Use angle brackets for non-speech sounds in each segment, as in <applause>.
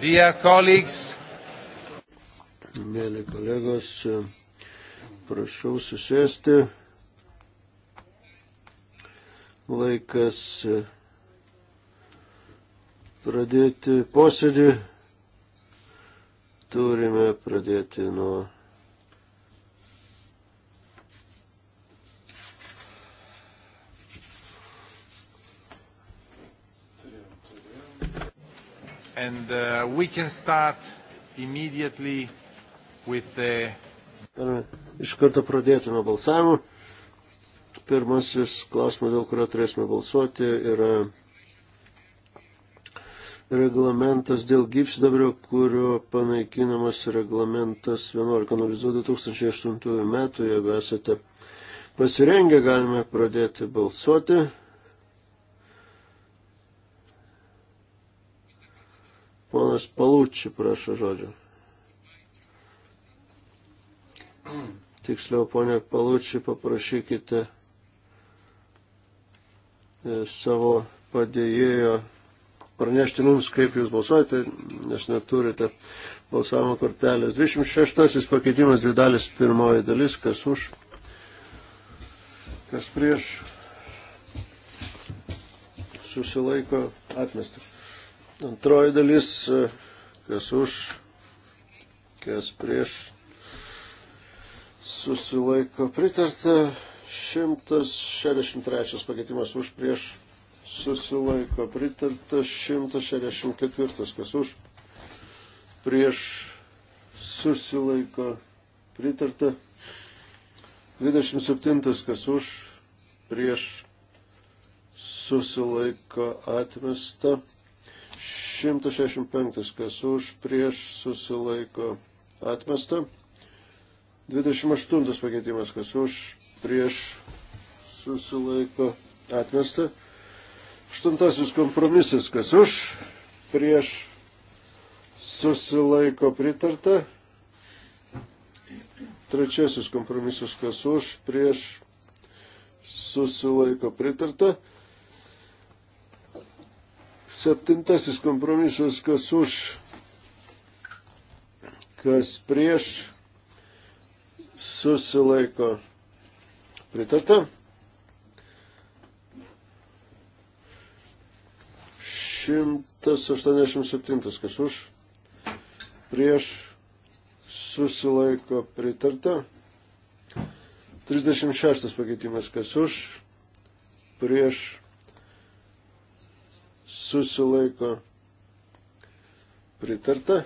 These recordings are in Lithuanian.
Dear colleagues. Mėly kolegos, prašau susėsti. Laikas pradėti posėdį. Turime pradėti nuo and uh, we can start immediately with the... Uh, iš karto pradėtume balsavimą. Pirmasis klausimas, dėl kurio turėsime balsuoti, yra reglamentas dėl gypsidabrio, kurio panaikinamas reglamentas 11.02.2008 metų. Jeigu esate pasirengę, galime pradėti balsuoti. Ponas Palūčiai prašo žodžio. Tiksliau, ponė Palūčiai, paprašykite e, savo padėjėjo pranešti mums, kaip jūs balsuojate, nes neturite balsavimo kortelės. 26 pakeitimas dvi dalis, pirmoji dalis, kas už, kas prieš, susilaiko atmestas. Antroji dalis, e, kas už, kas prieš, susilaiko pritarta. 163 pakeitimas už prieš susilaiko pritarta 164, kas už prieš susilaiko pritarta 27, kas už prieš susilaiko atmesta 165, kas už, prieš susilaiko atmesta. 28 pakeitimas, kas už, prieš susilaiko atmesta. 8 kompromisas, kas už, prieš susilaiko pritarta. Trečiasis kompromisas, kas už, prieš susilaiko pritarta. Septintasis kompromisas, kas už, kas prieš, susilaiko. Pritarta? Šimtas aštuoniasdešimt septintas, kas už, prieš, susilaiko. Pritarta? 36 pakeitimas, kas už, prieš, susilaiko pritarta.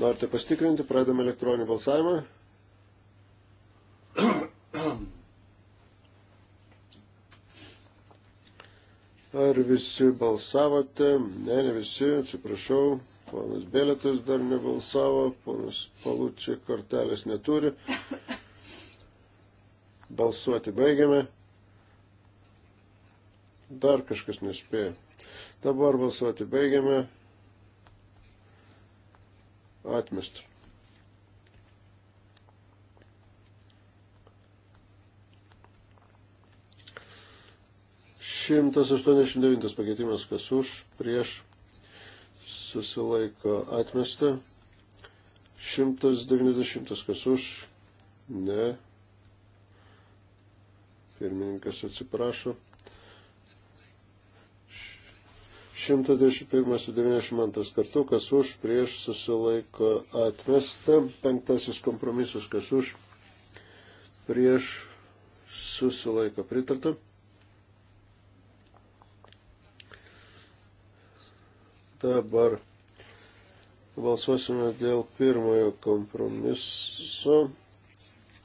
Norite pastikrinti, pradame elektroninį balsavimą. Ar visi balsavote? Ne, ne visi, atsiprašau. Ponas Bėlėtas dar nebalsavo, ponas Palučiai kortelės neturi. Balsuoti baigiame. Dar kažkas nespėjo. Dabar balsuoti baigiame. Atmest. Šimtas aštuoniasdešimt devintas pakeitimas, kas už, prieš, susilaiko atmesta. Šimtas devyniasdešimtas, kas už, ne. Pirmininkas atsiprašo. 121-92 kartu, kas už, prieš susilaiko atmesta. Penktasis kompromisas, kas už, prieš susilaiko pritarta. Dabar balsuosime dėl pirmojo kompromiso.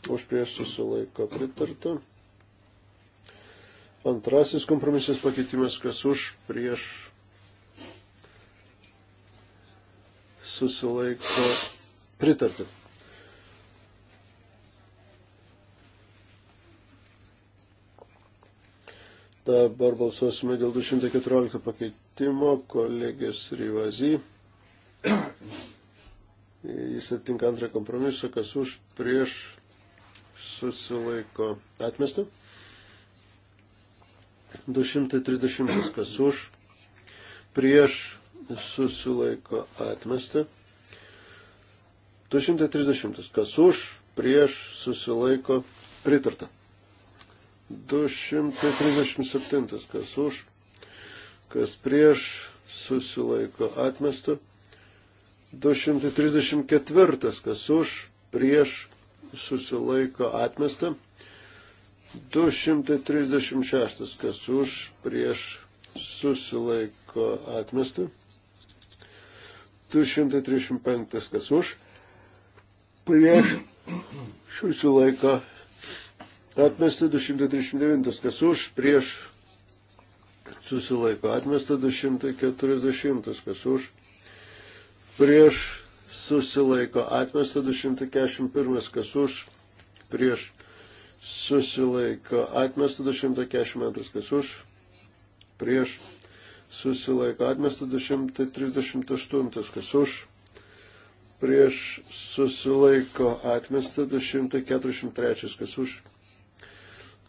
Už prieš susilaiko pritarta. Antrasis kompromisas pakeitimas, kas už prieš susilaiko pritarti. Dabar balsuosime dėl 214 pakeitimo kolegės Rivazy. Jis atitinka antrą kompromisą, kas už prieš susilaiko atmestą. 230 kas už prieš susilaiko atmesta. 230. Kas už, prieš, susilaiko pritarta. 237. Kas už, kas prieš, susilaiko atmesta. 234. Kas už, prieš, susilaiko atmesta. 236. Kas už, prieš, susilaiko atmesta. 235 kas už, prieš šiusių laiko atmesta 239 kas už, prieš susilaiko atmesta 240 kas už, prieš susilaiko atmesta 241 kas už, prieš susilaiko atmesta 242 kas už, prieš susilaiko atmesta 238, kas už, prieš susilaiko atmesta 243, kas už,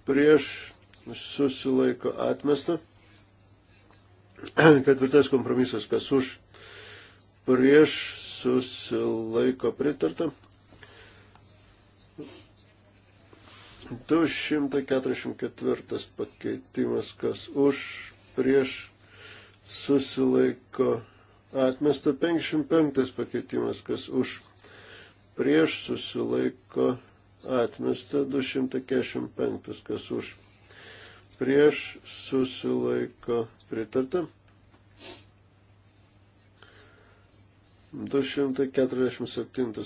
prieš susilaiko atmesta. <clears throat> Ketvirtas kompromisas, kas už, prieš susilaiko pritarta. 244 pakeitimas, kas už, prieš susilaiko atmesta 55 pakeitimas, kas už prieš susilaiko atmesta 245, kas už prieš susilaiko pritarta. 247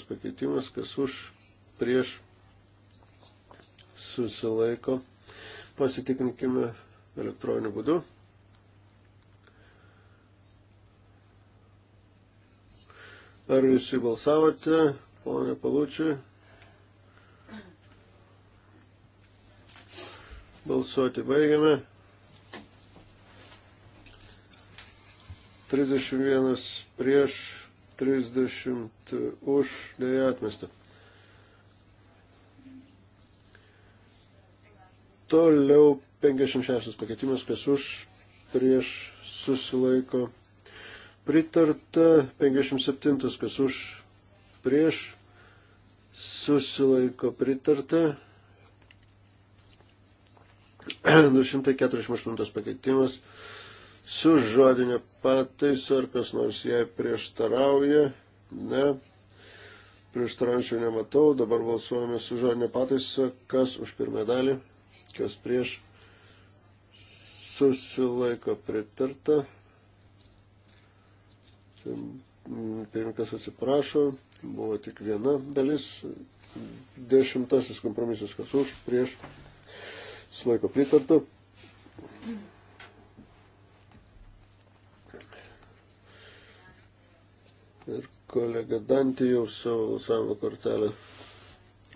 pakeitimas, kas už prieš susilaiko. Pasitikrinkime elektroniniu būdu. Ar visi balsavote, ponė Palūčiai? Balsuoti baigiame. 31 prieš, 30 už, dėja atmesta. Toliau 56 pakeitimas, kas už, prieš, susilaiko pritarta, 57 kas už, prieš, susilaiko pritarta, 248 <clears throat> pakeitimas, su žodinė pataisa, ar kas nors jai prieštarauja, ne, prieštaraujančių nematau, dabar balsuojame su žodinė pataisa, kas už pirmąją dalį, kas prieš, susilaiko pritarta. Pirmininkas atsiprašo, buvo tik viena dalis. Dešimtasis kompromisas, kas už, prieš, sulaiko pritartų. Ir kolega Dantį jau savo balsavimo kortelę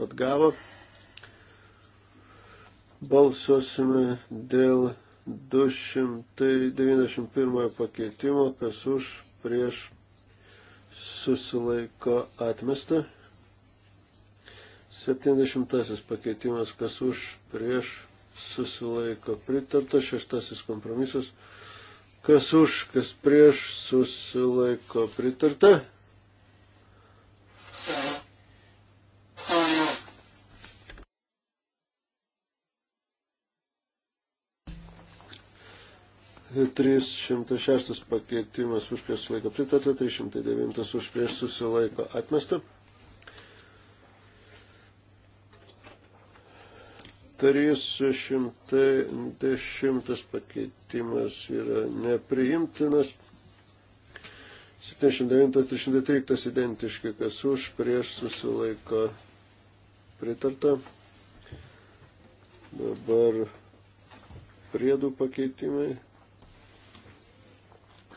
atgavo. Balsuosime dėl 291 pakeitimo, kas už, prieš susilaiko atmesta. 70 pakeitimas, kas už, prieš, susilaiko pritarta, šeštasis kompromisas, kas už, kas prieš, susilaiko pritarta. 306 pakeitimas už prieš susilaiką pritarta, 309 už prieš susilaiko atmesta. Trys šimtai dešimtas pakeitimas yra nepriimtinas. 79-313 identiški, kas už prieš susilaiko pritarta. Dabar priedų pakeitimai.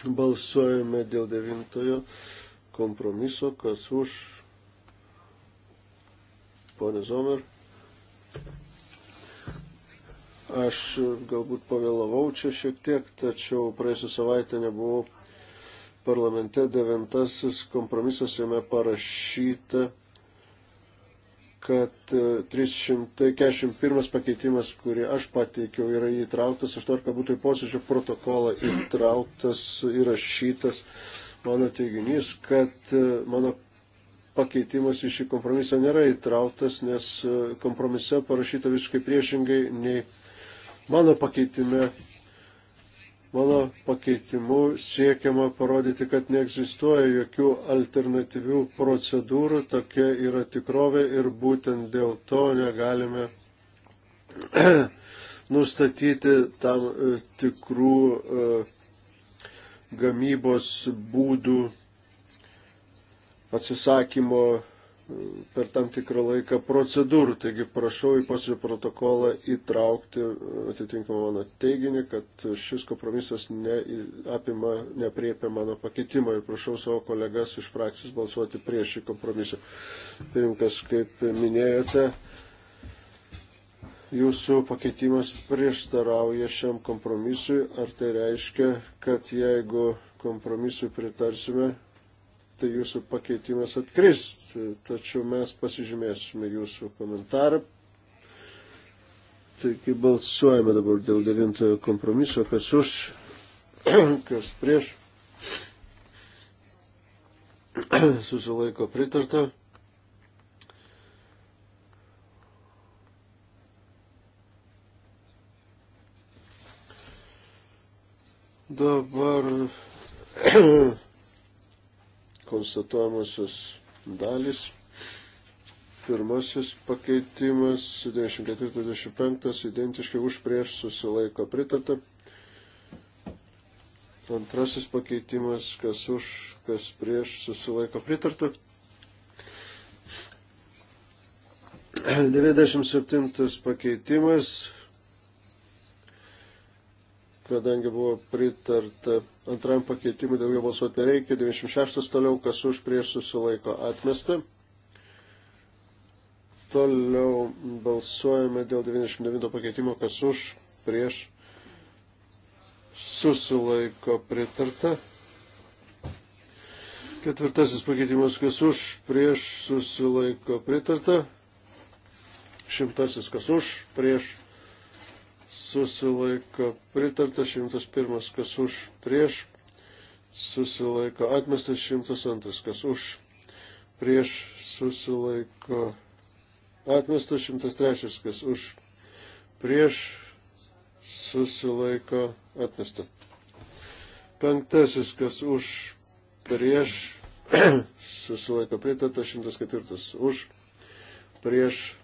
Balsuojame dėl devintojo kompromiso, kas už. Pone Zomer. Aš galbūt pavėlavau čia šiek tiek, tačiau praėjusią savaitę nebuvau parlamente devintasis kompromisas jame parašyta kad 341 e, pakeitimas, kurį aš pateikiau, yra įtrauktas, aš noriu, kad būtų į posėdžio protokolą įtrauktas, įrašytas mano teiginys, kad e, mano pakeitimas į šį kompromisą nėra įtrauktas, nes e, kompromise parašyta visiškai priešingai nei mano pakeitime Mano pakeitimu siekiama parodyti, kad neegzistuoja jokių alternatyvių procedūrų, tokia yra tikrovė ir būtent dėl to negalime <clears throat> nustatyti tam e, tikrų e, gamybos būdų atsisakymo per tam tikrą laiką procedūrų. Taigi prašau į posėdžio protokolą įtraukti atitinkamą mano teiginį, kad šis kompromisas neapima, nepriepia mano pakeitimą ir prašau savo kolegas iš frakcijos balsuoti prieš šį kompromisą. Pirmkas, kaip minėjote, jūsų pakeitimas prieštarauja šiam kompromisui. Ar tai reiškia, kad jeigu kompromisui pritarsime, tai jūsų pakeitimas atkris, tačiau mes pasižymėsime jūsų komentarą. Taigi balsuojame dabar dėl devintojo kompromiso, kas už, <clears throat> kas prieš. <clears throat> Susilaiko pritarta. Dabar <clears throat> konstatuojamosios dalys. Pirmasis pakeitimas 94-95 identiškai už prieš susilaiko pritarta. Antrasis pakeitimas, kas už, kas prieš susilaiko pritarta. 97 pakeitimas kadangi buvo pritarta antrajam pakeitimui, daugiau balsuoti nereikia, 96 toliau, kas už prieš susilaiko atmesta. Toliau balsuojame dėl 99 pakeitimo, kas už prieš susilaiko pritarta. Ketvirtasis pakeitimas, kas už prieš susilaiko pritarta. Šimtasis, kas už prieš susilaiko pritarta 101, kas už prieš, susilaiko atmestas 102, kas už prieš, susilaiko atmestas 103, kas už prieš, susilaiko atmesta. Penktasis, kas už prieš, <clears throat> susilaiko pritarta 104, už prieš,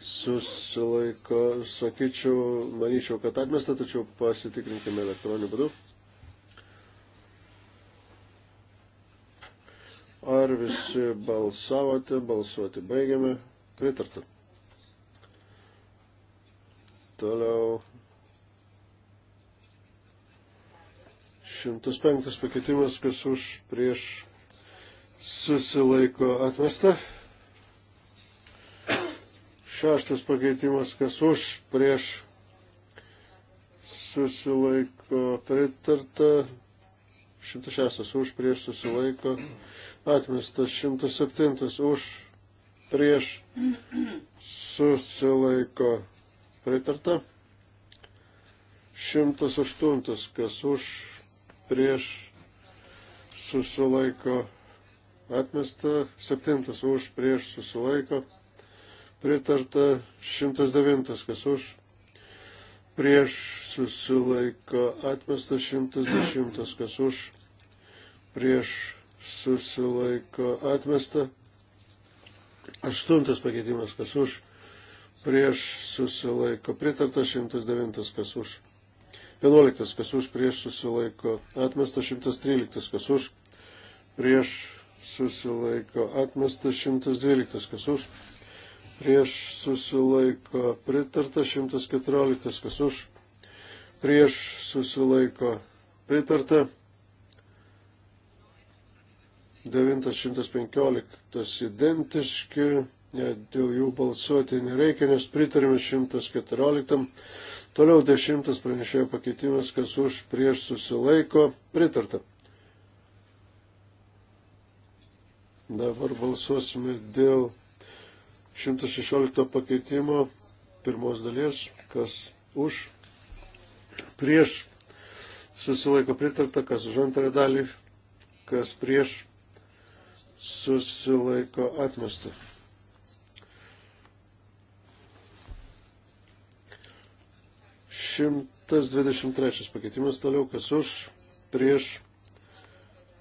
susilaiko, sakyčiau, manyčiau, kad atmesta, tačiau pasitikrinkime elektroniniu būdu. Ar visi balsavote, balsuoti baigiame, pritarta. Toliau. 105 pakeitimas, kas už prieš susilaiko atmesta. Šeštas pakeitimas, kas už, prieš, susilaiko, pritarta. 106 už, prieš, susilaiko, atmestas. 107 už, prieš, susilaiko, pritarta. 108 kas už, prieš, susilaiko, atmesta. 7 už, prieš, susilaiko, pritarta pritarta 109, kas už, prieš susilaiko atmesta 110, kas už, prieš susilaiko atmesta. Aštuntas pakeitimas, kas už, prieš susilaiko pritarta 109, kas už. 11 kas už prieš susilaiko, atmestas 113 kas už prieš susilaiko, atmestas 112 kas už prieš susilaiko pritarta 114, kas už, prieš susilaiko pritarta 915 identiški, ne, dėl jų balsuoti nereikia, nes pritarėme 114. Toliau 10 pranešėjo pakeitimas, kas už prieš susilaiko pritarta. Dabar balsuosime dėl 116 pakeitimo pirmos dalies, kas už, prieš, susilaiko pritarta, kas už antrą dalį, kas prieš, susilaiko atmesta. Šimtas dvidešimt trečias pakeitimas toliau, kas už, prieš,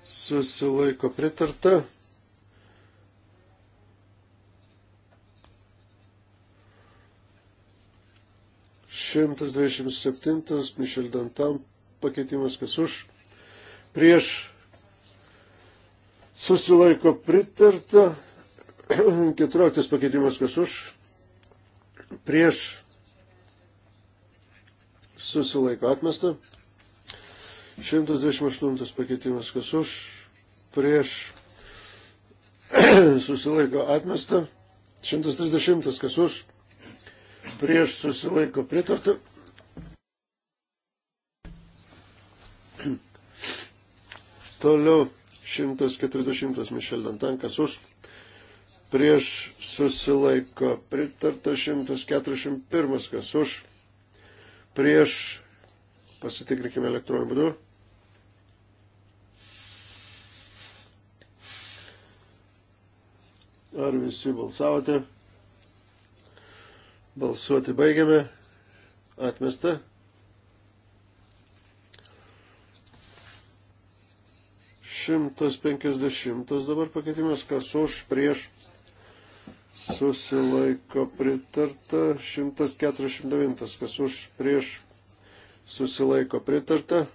susilaiko pritarta. 127 Mišel Dantam pakeitimas, kas už, prieš susilaiko pritarta, 14 <clears throat> pakeitimas, kas už, prieš susilaiko atmesta, 128 pakeitimas, kas už, prieš <clears throat> susilaiko atmesta, 130 kas už prieš susilaiko pritarta. Toliau 140 Mišel Dantankas už, prieš susilaiko pritarta 141 kas už, prieš pasitikrinkime elektroniniu būdu. Ar visi balsavote? Balsuoti baigiame. Atmesta. Šimtas penkisdešimtas dabar pakeitimas, kas už prieš susilaiko pritarta. Šimtas keturiasdešimt devintas, kas už prieš susilaiko pritarta.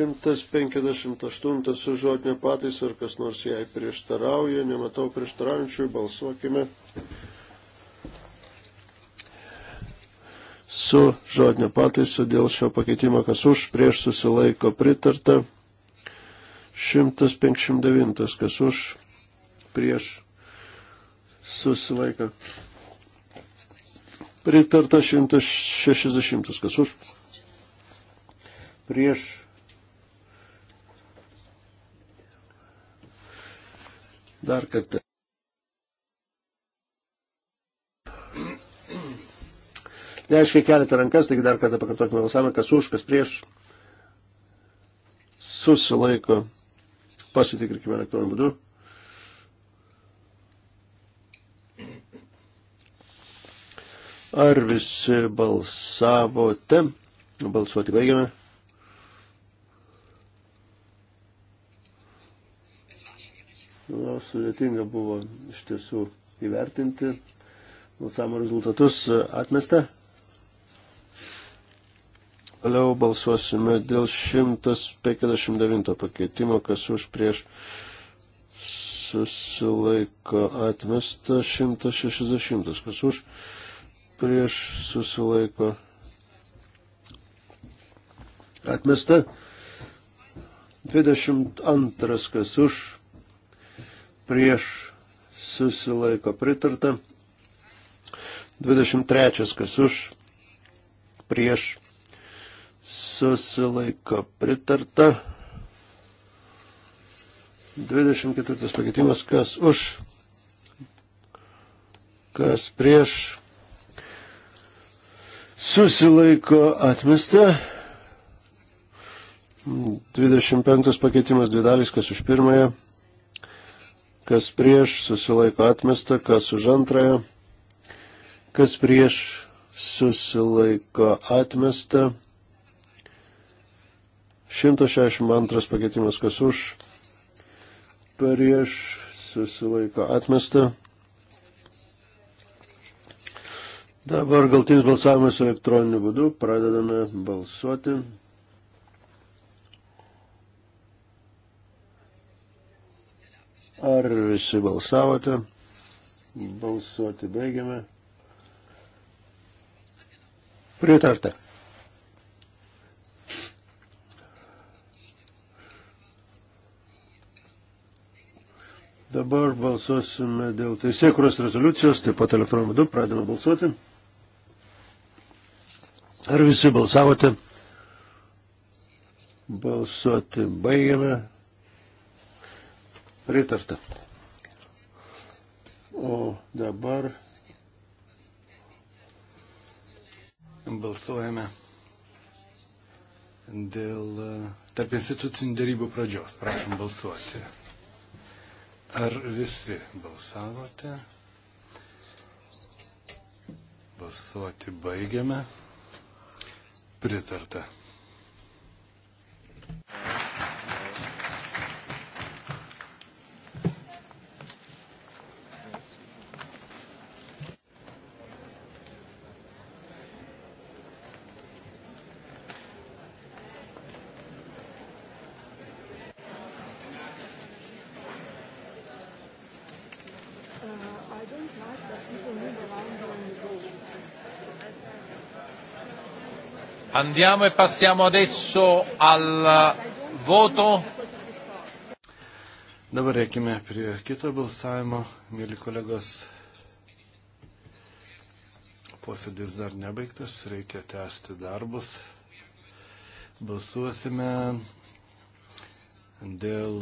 158 su žodinė patys, ar kas nors jai prieštarauja, nematau prieštaraujančių, balsuokime. Su žodinė pataiso dėl šio pakeitimo, kas už, prieš susilaiko pritarta. 159, kas už, prieš susilaiko. Pritarta 160, kas už prieš dar kartą. Neaiškiai keletą rankas, taigi dar kartą pakartokime balsavimą, kas už, kas prieš. Susilaiko. Pasitikrinkime elektroniniu būdu. Ar visi balsavote? Balsuoti baigiame. Na, sudėtinga buvo iš tiesų įvertinti balsavimo rezultatus atmestą. Toliau balsuosime dėl 159 pakeitimo, kas už prieš susilaiko atmesta 160, kas už prieš susilaiko atmesta 22, kas už prieš susilaiko pritarta. 23 kas už prieš susilaiko pritarta. 24 pakeitimas kas už kas prieš susilaiko atmesta. 25 pakeitimas dvi dalys, kas už pirmąją, kas prieš susilaiko atmesta, kas už antrąją, kas prieš susilaiko atmesta. 162 pakeitimas, kas už, prieš susilaiko atmesta. Dabar galtinis balsavimas elektroniniu būdu, pradedame balsuoti. Ar visi balsavote? Balsuoti baigiame. Pritarta. Dabar balsuosime dėl teisėkuros rezoliucijos, taip pat elektroniniu būdu pradėme balsuoti. Ar visi balsavote? Balsuoti baigiame. Pritarta. O dabar balsuojame dėl e, tarp institucinių dėrybų pradžios. Prašom balsuoti. Ar visi balsavote? Balsuoti baigiame. Pritarta. Andiamo e passiamo adesso al voto. Dabar reikime prie kito balsavimo, mėly kolegos. Posėdis dar nebaigtas, reikia tęsti darbus. Balsuosime dėl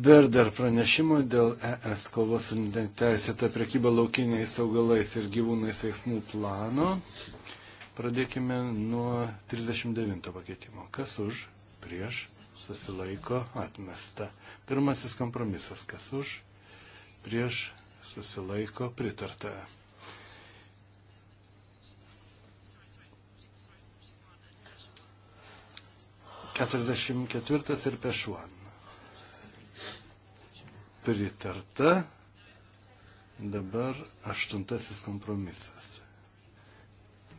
Berder pranešimo dėl ES kovos su neteisėta prekyba laukiniais augalais ir gyvūnais veiksmų plano. Pradėkime nuo 39 pakeitimo. Kas už, prieš, susilaiko, atmesta. Pirmasis kompromisas. Kas už, prieš, susilaiko, pritarta. Keturiasdešimt ketvirtas ir pešuan pritarta. Dabar aštuntasis kompromisas.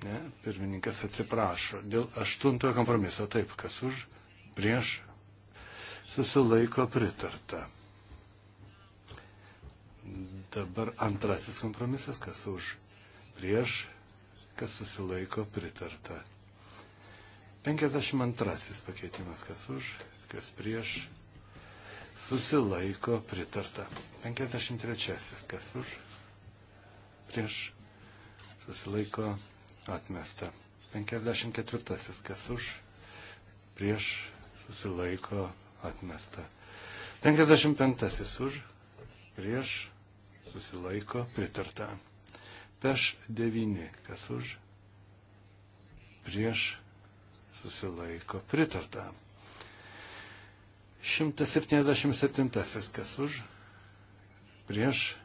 Ne, pirmininkas atsiprašo. Dėl aštuntojo kompromiso taip, kas už, prieš, susilaiko pritarta. Dabar antrasis kompromisas, kas už, prieš, kas susilaiko pritarta. 52 pakeitimas, kas už, kas prieš, susilaiko pritarta. 53. Kas už? Prieš susilaiko atmesta. 54. Kas už? Prieš susilaiko atmesta. 55. Už? Prieš susilaiko pritarta. Peš 9. Kas už? Prieš susilaiko pritarta. 177. Kas už? Prieš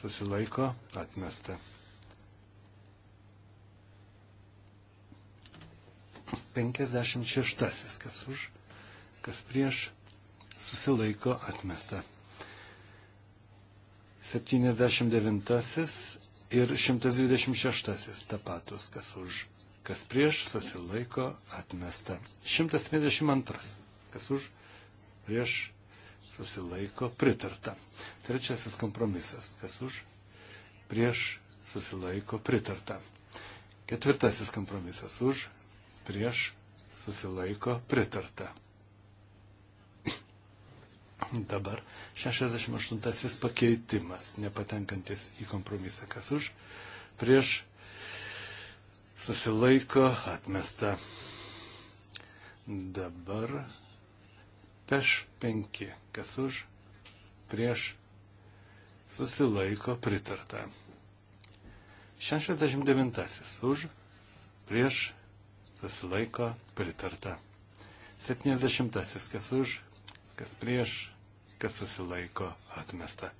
susilaiko atmesta. 56. Kas už? Kas prieš susilaiko atmesta. 79 ir 126 tapatus, kas už, kas prieš, susilaiko, atmesta. 132, kas už, prieš susilaiko pritarta. Trečiasis kompromisas. Kas už? Prieš susilaiko pritarta. Ketvirtasis kompromisas. Už? Prieš susilaiko pritarta. Dabar 68 pakeitimas, nepatenkantis į kompromisą. Kas už? Prieš susilaiko atmesta. Dabar Peš 5. Kas už? Prieš susilaiko pritarta. 69. Už prieš susilaiko pritarta. 70. Kas už, kas prieš, kas susilaiko atmesta.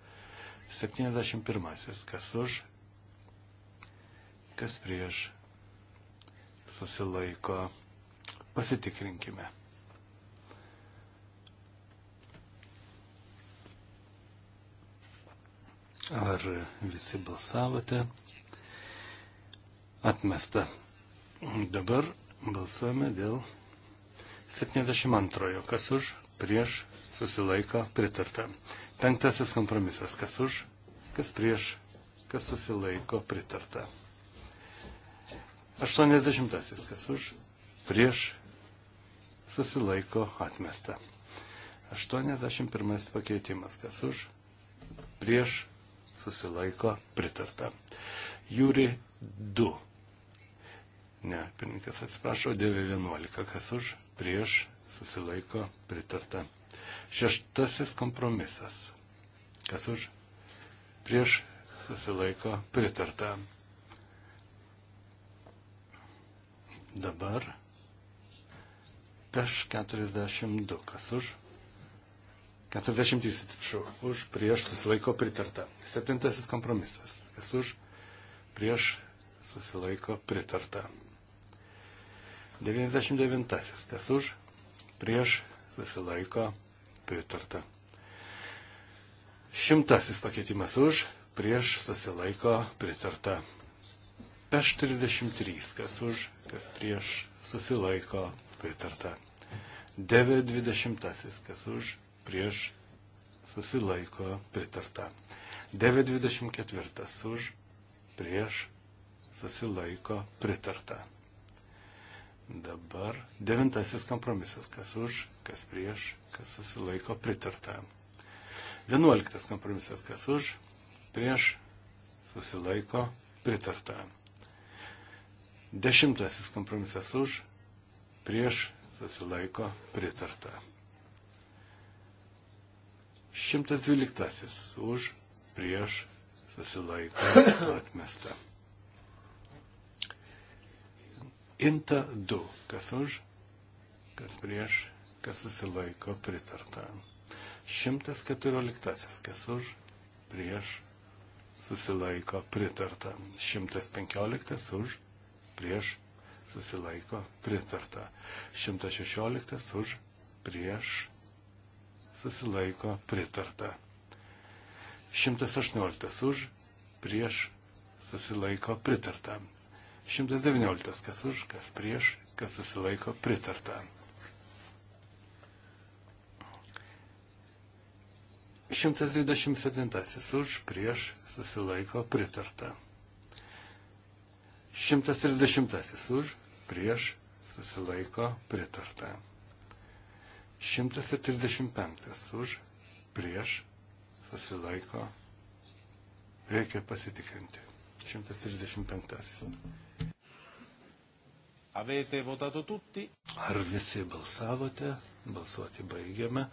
71. Kas už, kas prieš susilaiko. Pasitikrinkime. Ar visi balsavote? Atmesta. Dabar balsuojame dėl 72. Kas už, prieš, susilaiko, pritarta. Penktasis kompromisas. Kas už, kas prieš, kas susilaiko, pritarta. 80. Kas už, prieš, susilaiko, atmesta. 81. pakeitimas. Kas už, prieš, susilaiko pritarta. Jūri 2. Ne, pirmininkas atsiprašo, 911, kas už, prieš, susilaiko pritarta. Šeštasis kompromisas. Kas už, prieš, susilaiko pritarta. Dabar peš 42, kas už, 40 atsiprašau, už prieš susilaiko pritarta. Septintasis kompromisas. Kas už prieš susilaiko pritarta. 99. Kas už prieš susilaiko pritarta. Šimtasis pakeitimas už prieš susilaiko pritarta. Peš 33. Kas už, kas prieš susilaiko pritarta. 9.20. Kas už prieš susilaiko pritarta. 924 už prieš susilaiko pritarta. Dabar devintasis kompromisas, kas už, kas prieš, kas susilaiko pritarta. Vienuoliktas kompromisas, kas už, prieš, susilaiko pritarta. Dešimtasis kompromisas už, prieš, susilaiko pritarta. 112 už prieš susilaiko atmesta. Inta 2. Kas už, kas prieš, kas susilaiko pritarta. 114. Kas už, prieš, susilaiko pritarta. 115. Už, prieš, susilaiko pritarta. 116. Už, prieš, susilaiko pritarta. 118 už, prieš, susilaiko pritarta. 119 kas už, kas prieš, kas susilaiko pritarta. 127 už, prieš, susilaiko pritarta. 130 už, prieš, susilaiko pritarta. 135 už, prieš, susilaiko, reikia pasitikrinti. 135. Avete votato tutti? Ar visi balsavote? Balsuoti baigiame.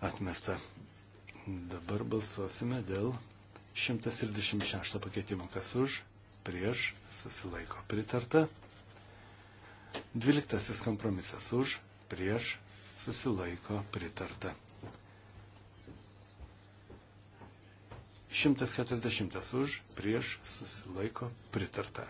Atmesta. Dabar balsuosime dėl 136 pakeitimo. Kas už, prieš, susilaiko pritarta. 12 kompromisas už, prieš, susilaiko pritarta. 140 už, prieš, susilaiko pritarta.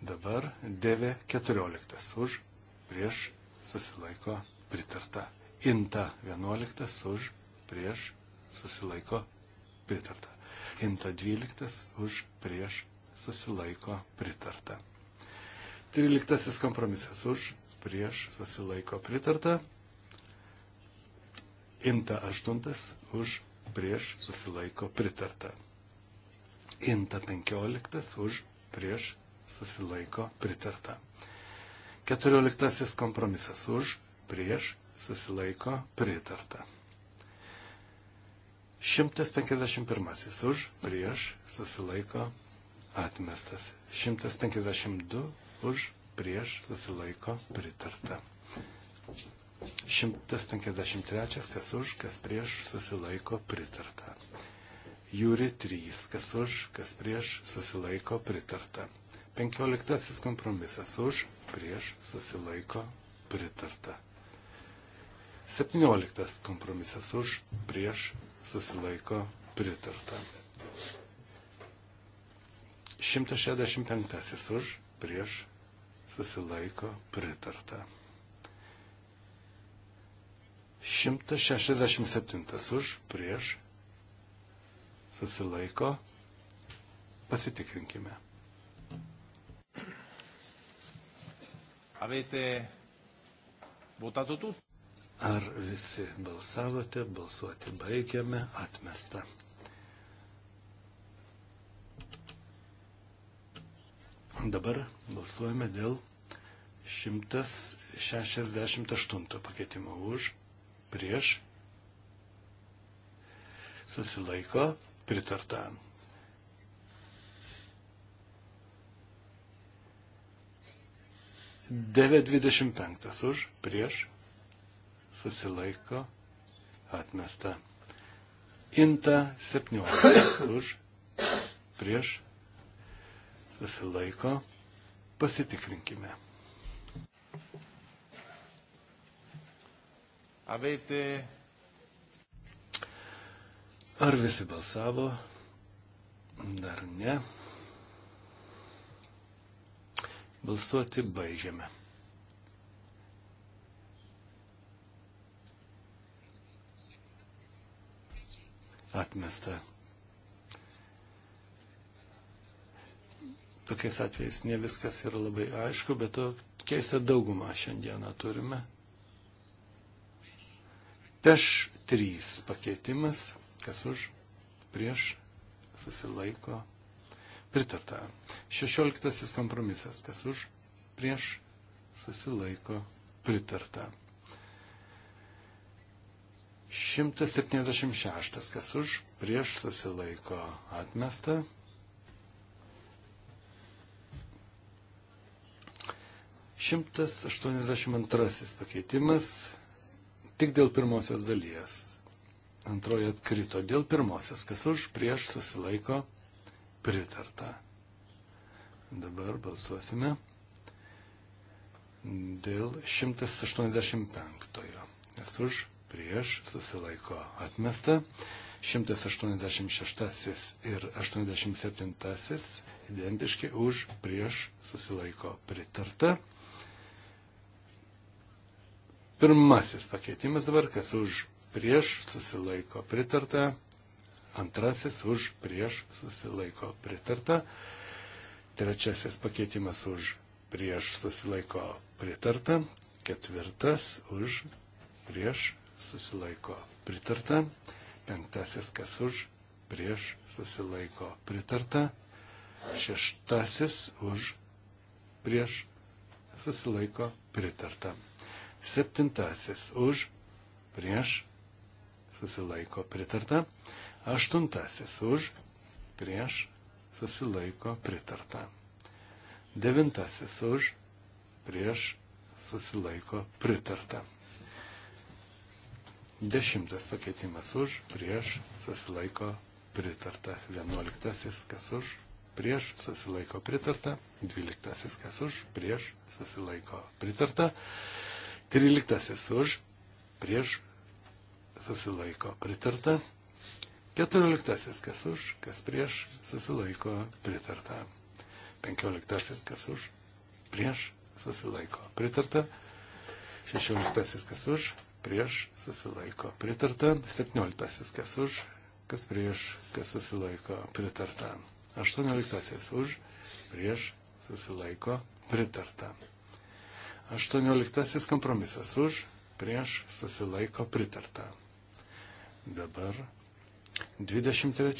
Dabar 9.14 už, prieš, susilaiko pritarta. Inta 11 už, prieš, susilaiko pritarta. Inta 12 už, prieš, susilaiko pritarta. 13 kompromisas už, prieš, susilaiko pritarta. Inta 8 už, prieš, susilaiko pritarta. Inta 15 už, prieš, susilaiko pritarta. 14 kompromisas už, prieš, susilaiko pritarta. 151 už, prieš, susilaiko atmestas. 152 už, prieš, susilaiko, pritarta. 153, kas už, kas prieš, susilaiko, pritarta. Jūri 3, kas už, kas prieš, susilaiko, pritarta. 15 kompromisas už, prieš, susilaiko, pritarta. 17 kompromisas už, prieš, susilaiko, pritarta. 165 už, prieš, susilaiko pritarta. 167 už, prieš, susilaiko, pasitikrinkime. Avete votato tutti? Ar visi balsavote, balsuoti baigiame, atmesta. Dabar balsuojame dėl 168 pakeitimo už, prieš, susilaiko, pritarta. Deve 25 už, prieš, susilaiko, atmesta. Inta 17 už, prieš, susilaiko, pasitikrinkime. Avete. Ar visi balsavo? Dar ne. Balsuoti baigiame. Atmesta. tokiais atvejais ne viskas yra labai aišku, bet to keistą daugumą šiandieną turime. Peš 3 pakeitimas, kas už, prieš, susilaiko, pritarta. 16 kompromisas, kas už, prieš, susilaiko, pritarta. 176, kas už, prieš, susilaiko, atmesta. 182 pakeitimas tik dėl pirmosios dalies. Antroji atkrito dėl pirmosios, kas už prieš susilaiko pritarta. Dabar balsuosime dėl 185-ojo. Nes už prieš susilaiko atmesta. 186 ir 87 identiški už prieš susilaiko pritarta. Pirmasis pakeitimas dabar, kas už prieš susilaiko pritarta. Antrasis už prieš susilaiko pritarta. Trečiasis pakeitimas už prieš susilaiko pritarta. Ketvirtas už prieš susilaiko pritarta. Penktasis kas už prieš susilaiko pritarta. Šeštasis už prieš susilaiko pritarta. Septintasis už, prieš, susilaiko pritarta. Aštuntasis už, prieš, susilaiko pritarta. Devintasis už, prieš, susilaiko pritarta. Dešimtas pakeitimas už, prieš, susilaiko pritarta. Vienuoliktasis kas už, prieš, susilaiko pritarta. Dvyliktasis kas už, prieš, susilaiko pritarta. 12, Tryliktasis už, prieš, susilaiko pritarta. Keturioliktasis kas už, kas prieš, susilaiko pritarta. Penkioliktasis kas už, prieš, susilaiko pritarta. Šešioliktasis kas už, prieš, susilaiko pritarta. Septynioliktasis kas už, kas prieš, kas susilaiko pritarta. Aštuonioliktasis už, prieš, susilaiko pritarta. 18 kompromisas už, prieš susilaiko pritarta. Dabar 23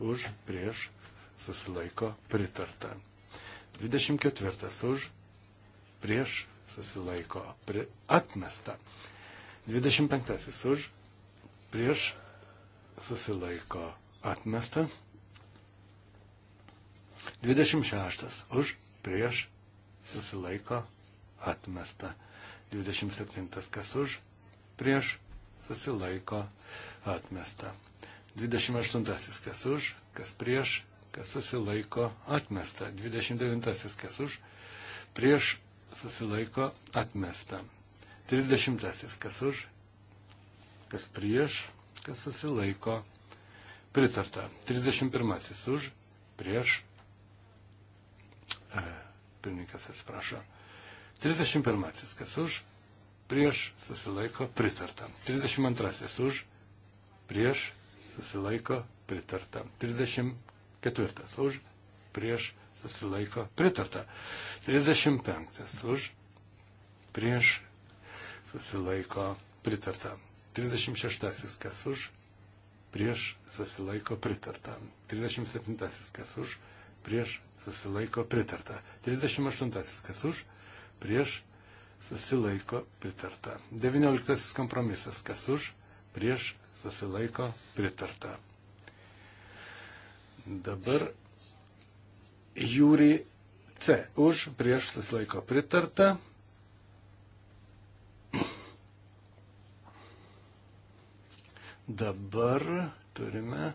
už, prieš susilaiko pritarta. 24 už, prieš susilaiko pri, atmesta. 25 už, prieš susilaiko atmesta. 26 už, prieš susilaiko atmesta atmesta. 27 kas už, prieš susilaiko atmesta. 28 kas už, kas prieš, kas susilaiko atmesta. 29 kas už, prieš susilaiko atmesta. 30 kas už, kas prieš, kas susilaiko pritarta. 31 už, prieš. E, pirmininkas atsiprašo. 31. Kas už, prieš, susilaiko, pritarta. 32. Už, prieš, susilaiko, pritarta. 34. Už, prieš, susilaiko, pritarta. 35. Už, prieš, susilaiko, pritarta. 36. Kas už, prieš, susilaiko, pritarta. 37. Kas už, prieš, susilaiko, pritarta. 38. Kas už, prieš, susilaiko pritarta. 19 kompromisas, kas už, prieš, susilaiko pritarta. Dabar jūri C, už, prieš, susilaiko pritarta. Dabar turime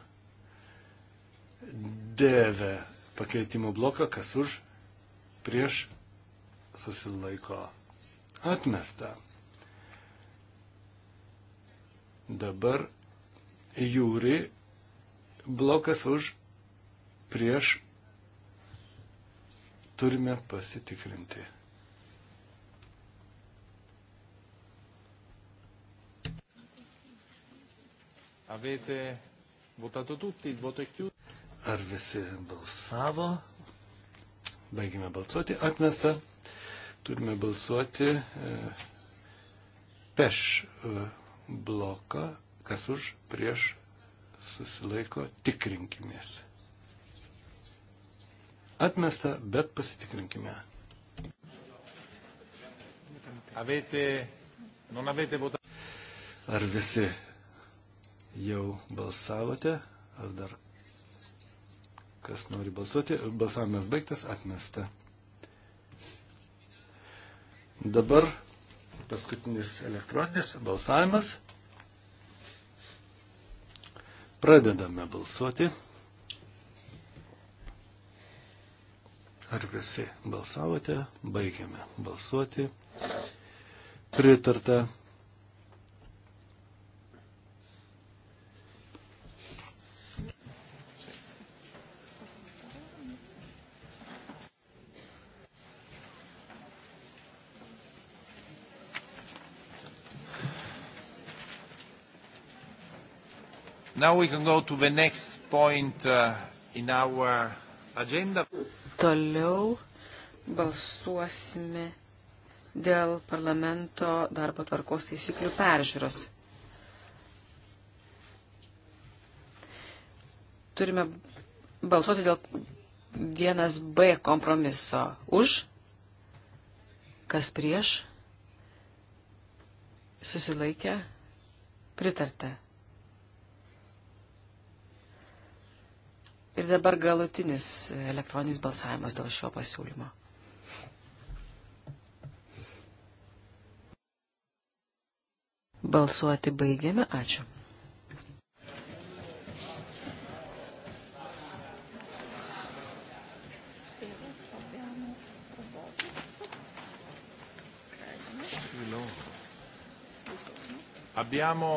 dėvę pakeitimų bloką, kas už, prieš, susilaiko atmesta. Dabar jūri blokas už prieš turime pasitikrinti. Avete votato tutti, il voto è chiuso. Ar visi balsavo? Baigime balsuoti. Atmesta. Turime balsuoti e, peš e, bloką, kas už prieš susilaiko tikrinkimės. Atmesta, bet pasitikrinkime. Ar visi jau balsavote, ar dar kas nori balsuoti? Balsavimas baigtas, atmesta. Dabar paskutinis elektroninis balsavimas. Pradedame balsuoti. Ar visi balsavote? Baigiame balsuoti. Pritarta Now we can go to the next point uh, in our agenda. Toliau balsuosime dėl parlamento darbo tvarkos taisyklių peržiūros. Turime balsuoti dėl 1B kompromiso. Už, kas prieš, susilaikę, pritartę. Ir dabar galutinis elektroninis balsavimas dėl šio pasiūlymo. Balsuoti baigėme. Ačiū. Abbiamo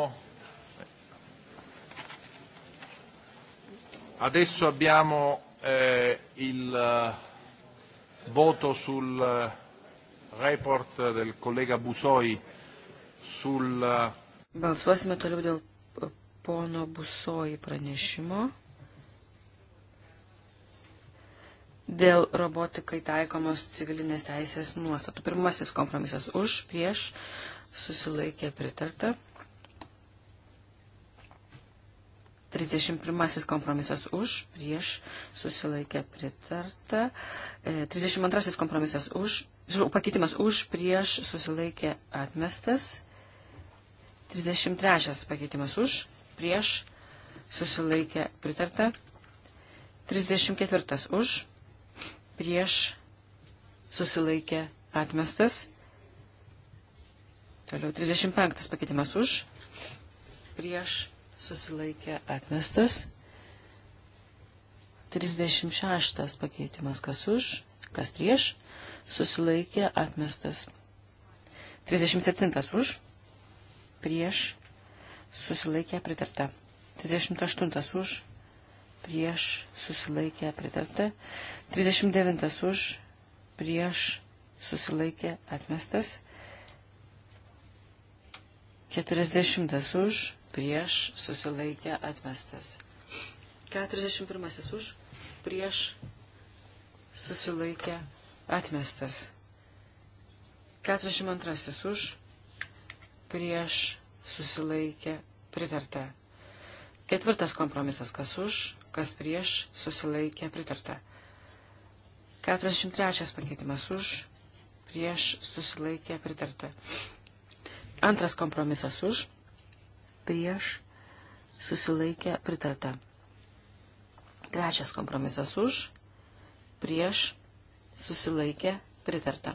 Adesso abbiamo eh, il eh, voto sul eh, report del collega Busoi sul. Eh, Balsuosime toliau dėl pono Busoi pranešimo. Dėl robotikai taikomos civilinės teisės nuostatų. Pirmasis kompromisas už, prieš, susilaikė pritarta. 31 kompromisas už, prieš, susilaikė pritarta. 32 e, kompromisas už, pakeitimas už, prieš, susilaikė atmestas. 33 pakeitimas už, prieš, susilaikė pritarta. 34 už, prieš, susilaikė atmestas. Toliau 35 pakeitimas už, prieš, susilaikė atmestas. 36 pakeitimas kas už, kas prieš, susilaikė atmestas. 37 už, prieš, susilaikė pritarta. 38 už, prieš, susilaikė pritarta. 39 už, prieš, susilaikė atmestas. 40 už, prieš, susilaikė atmestas. 41 už, prieš, susilaikė atmestas. 42 už, prieš, susilaikė pritarta. Ketvirtas kompromisas, kas už, kas prieš, susilaikė pritarta. 43 pakeitimas už, prieš, susilaikė pritarta. Antras kompromisas už, prieš susilaikė pritarta. Trečias kompromisas už, prieš susilaikė pritarta.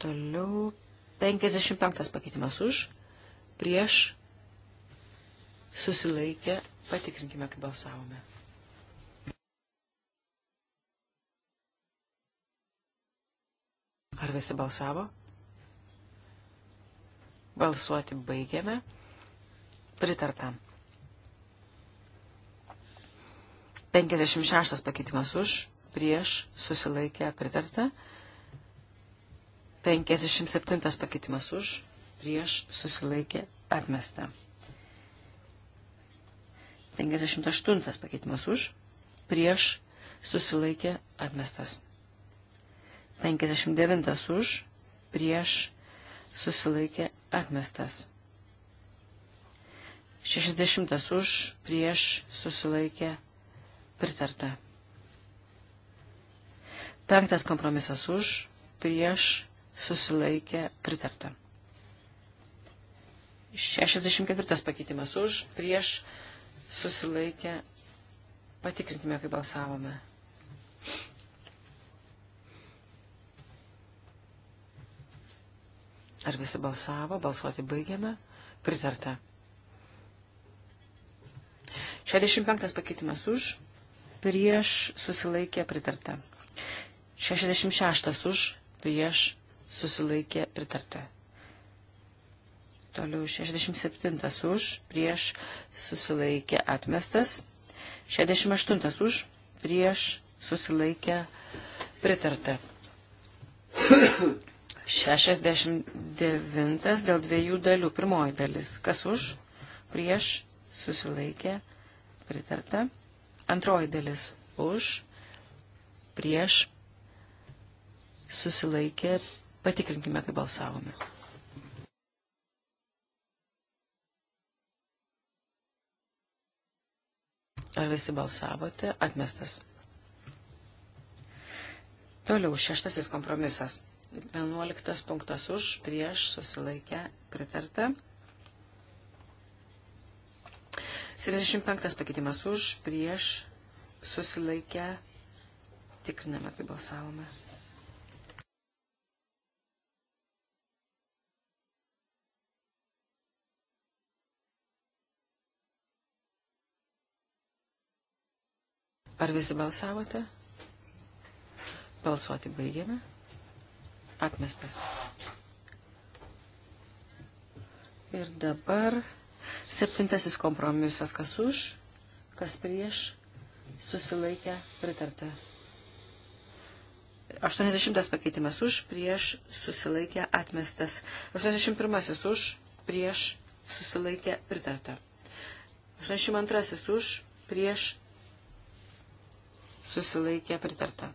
Toliau 55 pakeitimas už, prieš susilaikė, patikrinkime, kaip balsavome. Ar visi balsavo? Balsuoti baigiame. Pritarta. 56 pakeitimas už, prieš, susilaikę, pritarta. 57 pakeitimas už, prieš, susilaikė, atmesta. 58 pakeitimas už, prieš, susilaikė, atmestas. 59 už, prieš, susilaikė, Atmestas. 60 už, prieš, susilaikė, pritarta. Penktas kompromisas už, prieš, susilaikė, pritarta. 64 pakeitimas už, prieš, susilaikė, patikrinkime, kaip balsavome. Ar visi balsavo? Balsuoti baigiame. Pritarta. 65 pakeitimas už, prieš susilaikė pritarta. 66 už, prieš susilaikė pritarta. Toliau 67 už, prieš susilaikė atmestas. 68 už, prieš susilaikė pritarta. 69 dėl dviejų dalių. Pirmoji dalis. Kas už? Prieš susilaikė. Pritarta. Antroji dalis. Už. Prieš susilaikė. Patikrinkime, kaip balsavome. Ar visi balsavote? Atmestas. Toliau šeštasis kompromisas. 11 punktas už, prieš, susilaikę, pritarta. 75 pakeitimas už, prieš, susilaikę, tikriname, kaip balsavome. Ar visi balsavote? Balsuoti baigėme. Atmestas. Ir dabar septintasis kompromisas. Kas už, kas prieš, susilaikę, pritarta. 80 pakeitimas už, prieš, susilaikė, atmestas. 81 už, prieš, susilaikė, pritarta. 82 už, prieš, susilaikė, pritarta.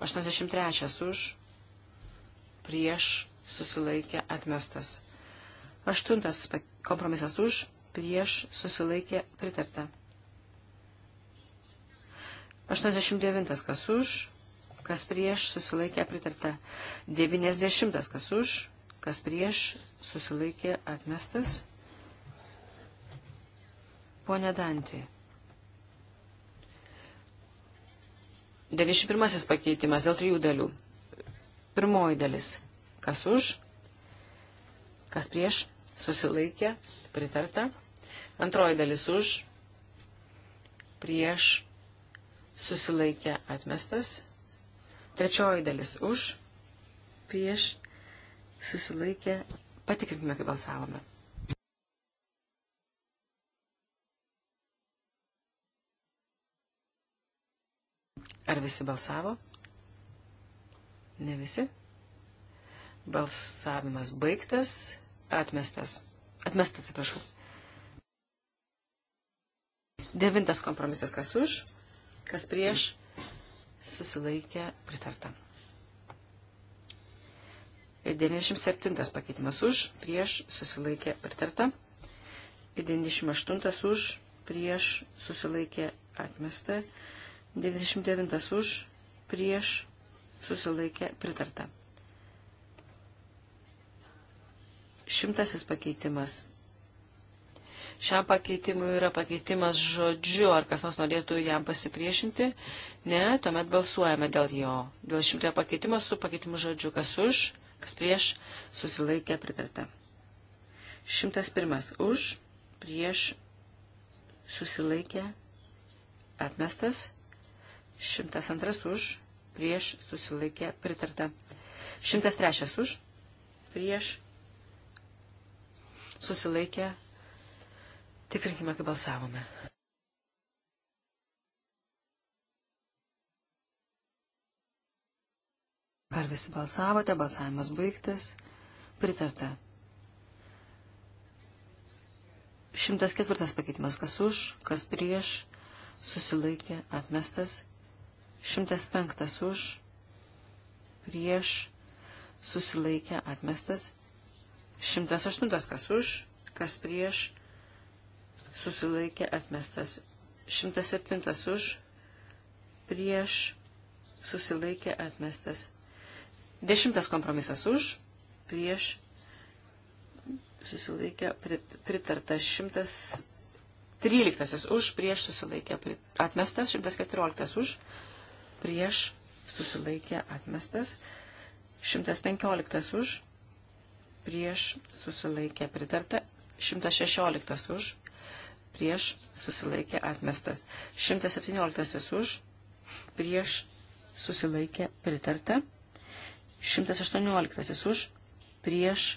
83 už, prieš susilaikė atmestas. Aštuntas kompromisas už, prieš susilaikė pritarta. 89 kas už, kas prieš susilaikė pritarta. 90 kas už, kas prieš susilaikė atmestas. Pone Dantį. 91 pakeitimas dėl trijų dalių. Pirmoji dalis. Kas už, kas prieš, susilaikė, pritarta. Antroji dalis už, prieš, susilaikė, atmestas. Trečioji dalis už, prieš, susilaikė, patikrinkime, kaip balsavome. Ar visi balsavo? Ne visi. Balsavimas baigtas. Atmestas. Atmestas, atsiprašau. Devintas kompromisas. Kas už, kas prieš, susilaikė pritarta. 97 pakeitimas už, prieš, susilaikė pritarta. 98 už, prieš, susilaikė atmesta. 99 už, prieš, susilaikė pritarta. Šimtasis pakeitimas. Šiam pakeitimui yra pakeitimas žodžiu, ar kas nors norėtų jam pasipriešinti. Ne, tuomet balsuojame dėl jo. Dėl šimtojo pakeitimo su pakeitimu žodžiu, kas už, kas prieš, susilaikė pritarta. Šimtas pirmas už, prieš, susilaikė, atmestas. Šimtas antras už, prieš susilaikė pritarta. 103 už, prieš susilaikė. Tikrinkime, kaip balsavome. Ar visi balsavote, balsavimas baigtas, pritarta. 104 pakeitimas, kas už, kas prieš, susilaikė, atmestas. 105 už, prieš, susilaikė, atmestas. 108 kas už, kas prieš, susilaikė, atmestas. 107 už, prieš, susilaikė, atmestas. Dešimtas kompromisas už, prieš, susilaikė, pritartas. 113 už, prieš, susilaikė, atmestas. 114 už, prieš susilaikė atmestas, 115 už, prieš susilaikė pritarta, 116 už, prieš susilaikė atmestas, 117 už, prieš susilaikė pritarta, 118 už, prieš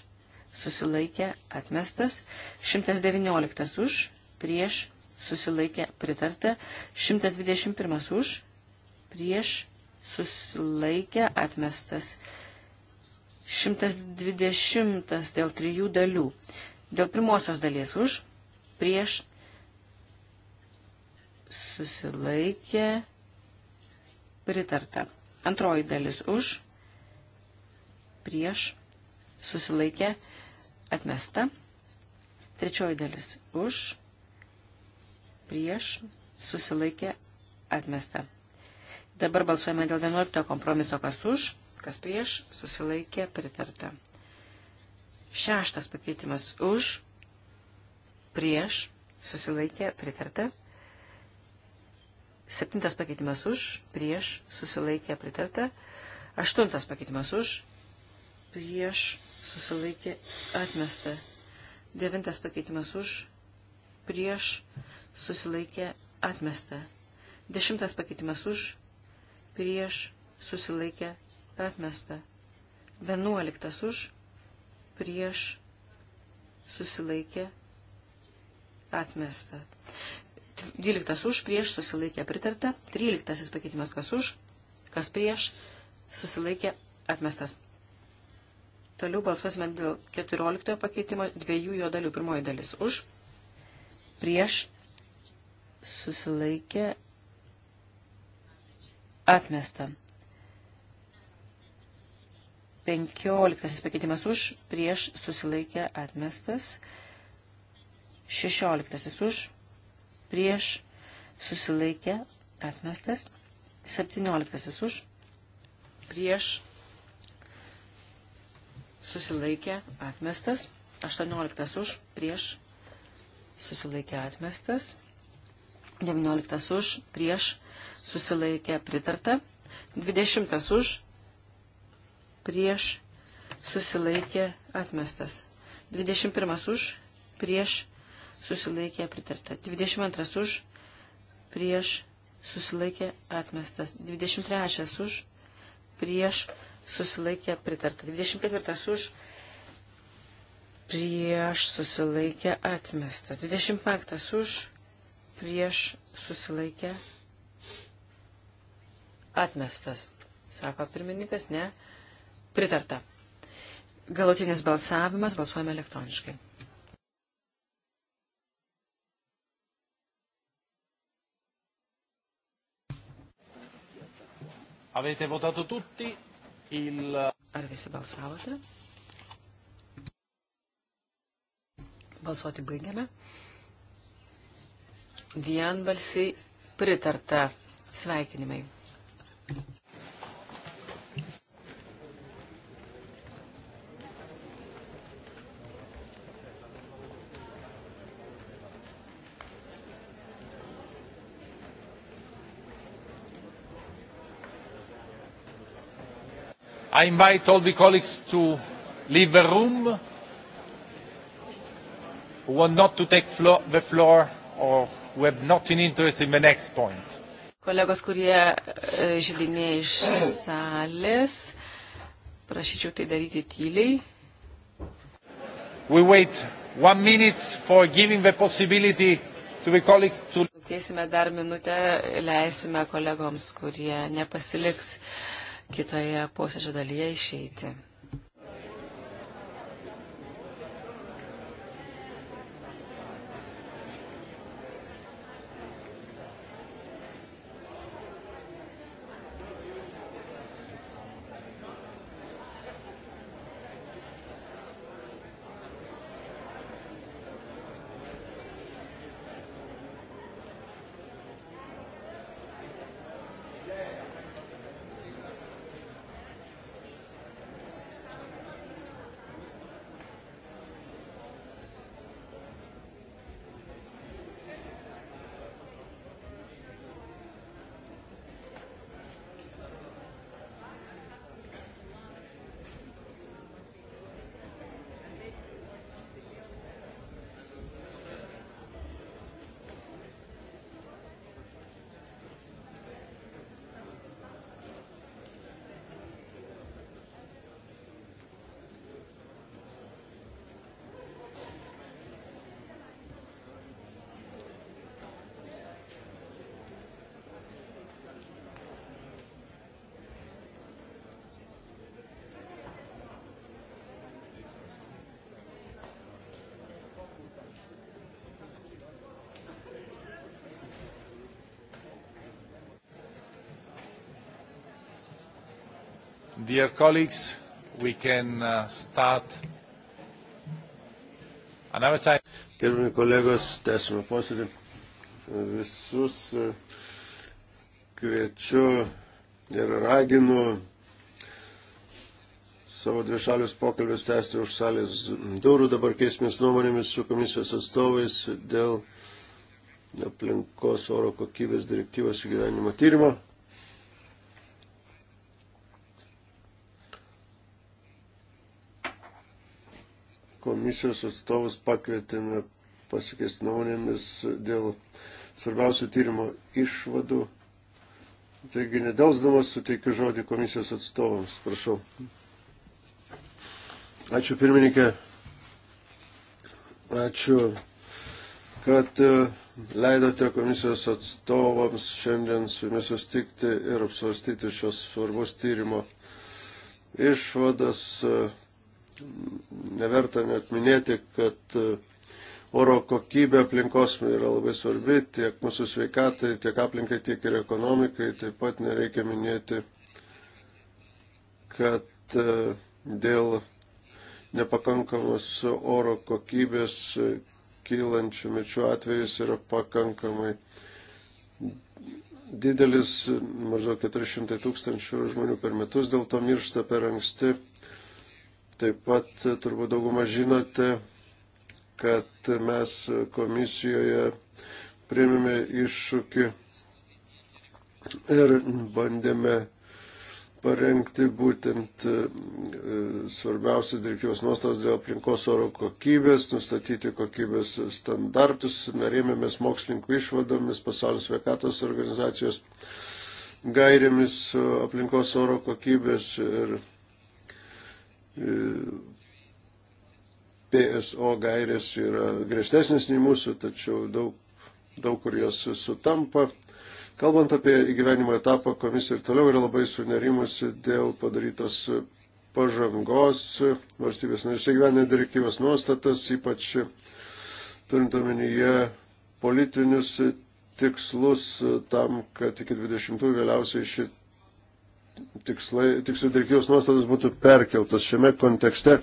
susilaikė atmestas, 119 už, prieš susilaikė pritarta, 121 už, prieš susilaikę atmestas. 120 dėl trijų dalių. Dėl pirmosios dalies už, prieš susilaikė pritarta. Antroji dalis už, prieš susilaikė atmesta. Trečioji dalis už, prieš susilaikė atmesta. Dabar balsuojame dėl 11 kompromiso, kas už, kas prieš, susilaikė, pritarta. Šeštas pakeitimas už, prieš, susilaikė, pritarta. Septintas pakeitimas už, prieš, susilaikė, pritarta. Aštuntas pakeitimas už, prieš, susilaikė, atmesta. Devintas pakeitimas už, prieš, susilaikė, atmesta. Dešimtas pakeitimas už, prieš susilaikę atmesta. 11 už prieš susilaikę atmesta. 12 už prieš susilaikę pritarta. 13 pakeitimas kas už, kas prieš susilaikė atmestas. Toliau balsuosime dėl 14 pakeitimo dviejų jo dalių. Pirmoji dalis už, prieš susilaikė Atmesta. 15 pakeitimas už, prieš susilaikė atmestas. 16 už, prieš susilaikė atmestas. 17 už, prieš susilaikė atmestas. 18 už, prieš susilaikė atmestas. 19 už, prieš susilaikė pritarta. 20 už, prieš, susilaikė atmestas. 21 už, prieš, susilaikė pritarta. 22 už, prieš, susilaikė atmestas. 23 už, prieš, susilaikė pritarta. 24 už, prieš, susilaikė atmestas. 25 už, prieš, susilaikė atmestas Atmestas, sako pirmininkas, ne. Pritarta. Galutinis balsavimas balsuojame elektroniškai. Avete votato tutti il... Ar visi balsavote? Balsuoti baigiame. Vienbalsiai pritarta sveikinimai. I invite all the colleagues to leave the room who want not to take flo the floor or who have not an interest in the next point. Kolegos, kurie žydinė e, iš salės, prašyčiau tai daryti tyliai. To... Keisime dar minutę, leisime kolegoms, kurie nepasiliks kitoje posėdžio dalyje išeiti. Dear colleagues, we can uh, start another time. Gerbimi kolegos, tęsime posėdį. Visus uh, kviečiu ir raginu savo dvišalius pokalbės tęsti už salės durų. Dabar keismės nuomonėmis su komisijos atstovais dėl aplinkos oro kokybės direktyvos įgyvenimo tyrimo. komisijos atstovus pakvietėme pasikeisti nuomonėmis dėl svarbiausių tyrimo išvadų. Taigi, nedelsdamas suteikiu žodį komisijos atstovams. Prašau. Ačiū pirmininkė. Ačiū, kad e, leidote komisijos atstovams šiandien su jumis sustikti ir apsvarstyti šios svarbos tyrimo išvadas e, neverta net minėti, kad e, oro kokybė aplinkos yra labai svarbi tiek mūsų sveikatai, tiek aplinkai, tiek ir ekonomikai. Taip pat nereikia minėti, kad e, dėl nepakankamos oro kokybės kylančių mečių atvejais yra pakankamai didelis, maždaug 400 tūkstančių žmonių per metus dėl to miršta per anksti. Taip pat e, turbūt daugumą žinote, kad mes komisijoje priėmėme iššūkį ir bandėme parengti būtent e, e, svarbiausias direktyvos nuostatas dėl aplinkos oro kokybės, nustatyti kokybės standartus, narėmėmės mokslininkų išvadomis, pasaulio sveikatos organizacijos gairėmis aplinkos oro kokybės ir E, PSO gairės yra griežtesnės nei mūsų, tačiau daug, daug kur jos sutampa. Kalbant apie įgyvenimo etapą, komisija ir toliau yra labai sunerimusi dėl padarytos pažangos valstybės narėse įgyvenę direktyvos nuostatas, ypač turint omenyje politinius tikslus tam, kad iki 20-ųjų vėliausiai ši tikslai, tiksliau direktyvos nuostatas būtų perkeltas. Šiame kontekste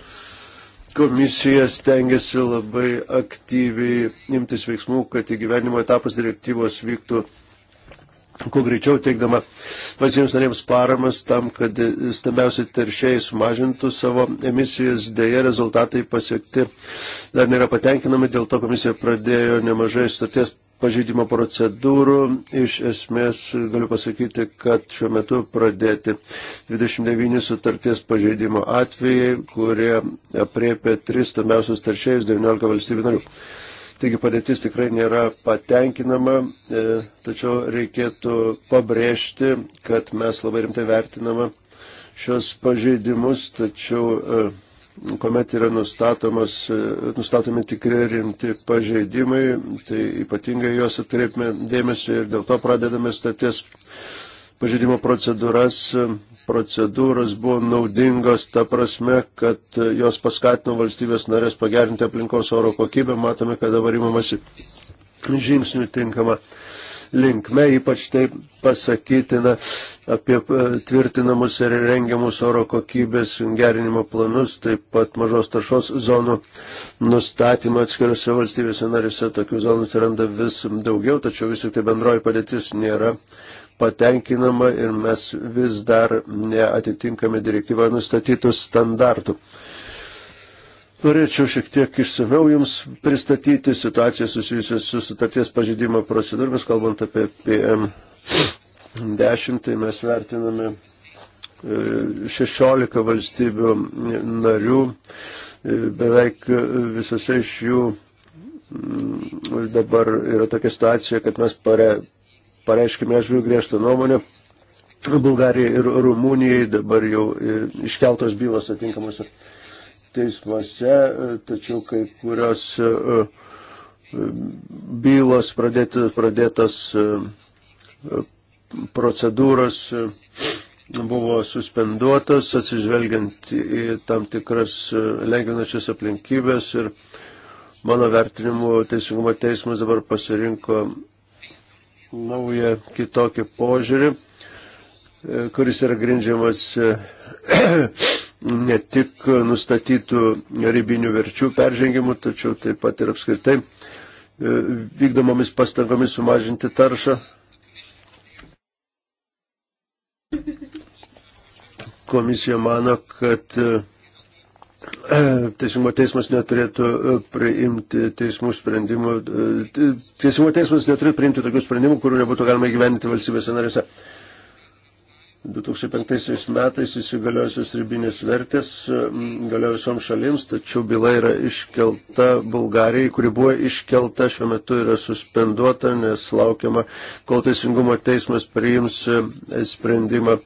komisija stengiasi labai aktyviai imtis veiksmų, kad įgyvenimo etapas direktyvos vyktų kuo greičiau teikdama valstybėms narėms paramas tam, kad stambiausi teršėjai sumažintų savo emisijas, dėja rezultatai pasiekti dar nėra patenkinami, dėl to komisija pradėjo nemažai stoties pažeidimo procedūrų. Iš esmės galiu pasakyti, kad šiuo metu pradėti 29 sutarties pažeidimo atvejai, kurie apriepia 3 tamiausius taršėjus 19 valstybių narių. Taigi padėtis tikrai nėra patenkinama, e, tačiau reikėtų pabrėžti, kad mes labai rimtai vertiname šios pažeidimus, tačiau e, kuomet yra nustatomi tikrai rimti pažeidimai, tai ypatingai juos atkreipime dėmesį ir dėl to pradedame staties pažeidimo procedūras. Procedūros buvo naudingos ta prasme, kad jos paskatino valstybės narės pagerinti aplinkos oro kokybę. Matome, kad dabar įmamasi žingsnių tinkama linkme, ypač tai pasakytina apie e, tvirtinamus ir rengiamus oro kokybės gerinimo planus, taip pat mažos taršos zonų nustatymą atskiriuose valstybėse narise. Tokių zonų atsiranda vis daugiau, tačiau vis tik tai bendroji padėtis nėra patenkinama ir mes vis dar neatitinkame direktyvoje nustatytų standartų. Norėčiau šiek tiek išsameu Jums pristatyti situaciją susijusią su sutarties pažydimo procedūromis, kalbant apie PM10, tai mes vertiname 16 e, valstybių narių, e, beveik visose iš jų dabar yra tokia situacija, kad mes pare, pareiškime atžvilgiu griežtą nuomonę. Bulgarijai ir Rumunijai dabar jau e, iškeltos bylos atinkamosios teismuose, e, tačiau kai kurios e, e, bylos pradėtos, pradėtos procedūros buvo suspenduotos, atsižvelgiant į tam tikras lengvinačias aplinkybės ir mano vertinimu Teisingumo teismas dabar pasirinko naują kitokį požiūrį, kuris yra grindžiamas ne tik nustatytų ribinių verčių peržengimų, tačiau taip pat ir apskritai e, vykdomomis pastangomis sumažinti taršą. Komisija mano, kad e, Teisingumo teismas neturėtų e, priimti teismų sprendimų, Teisingumo teismas neturėtų priimti tokių sprendimų, kurių nebūtų galima įgyveninti valstybėse narėse. 2005 metais įsigaliojusios ribinės vertės mm, galioja visoms šalims, tačiau byla yra iškelta Bulgarijai, kuri buvo iškelta, šiuo metu yra suspenduota, nes laukiama, kol Teisingumo teismas priims e, sprendimą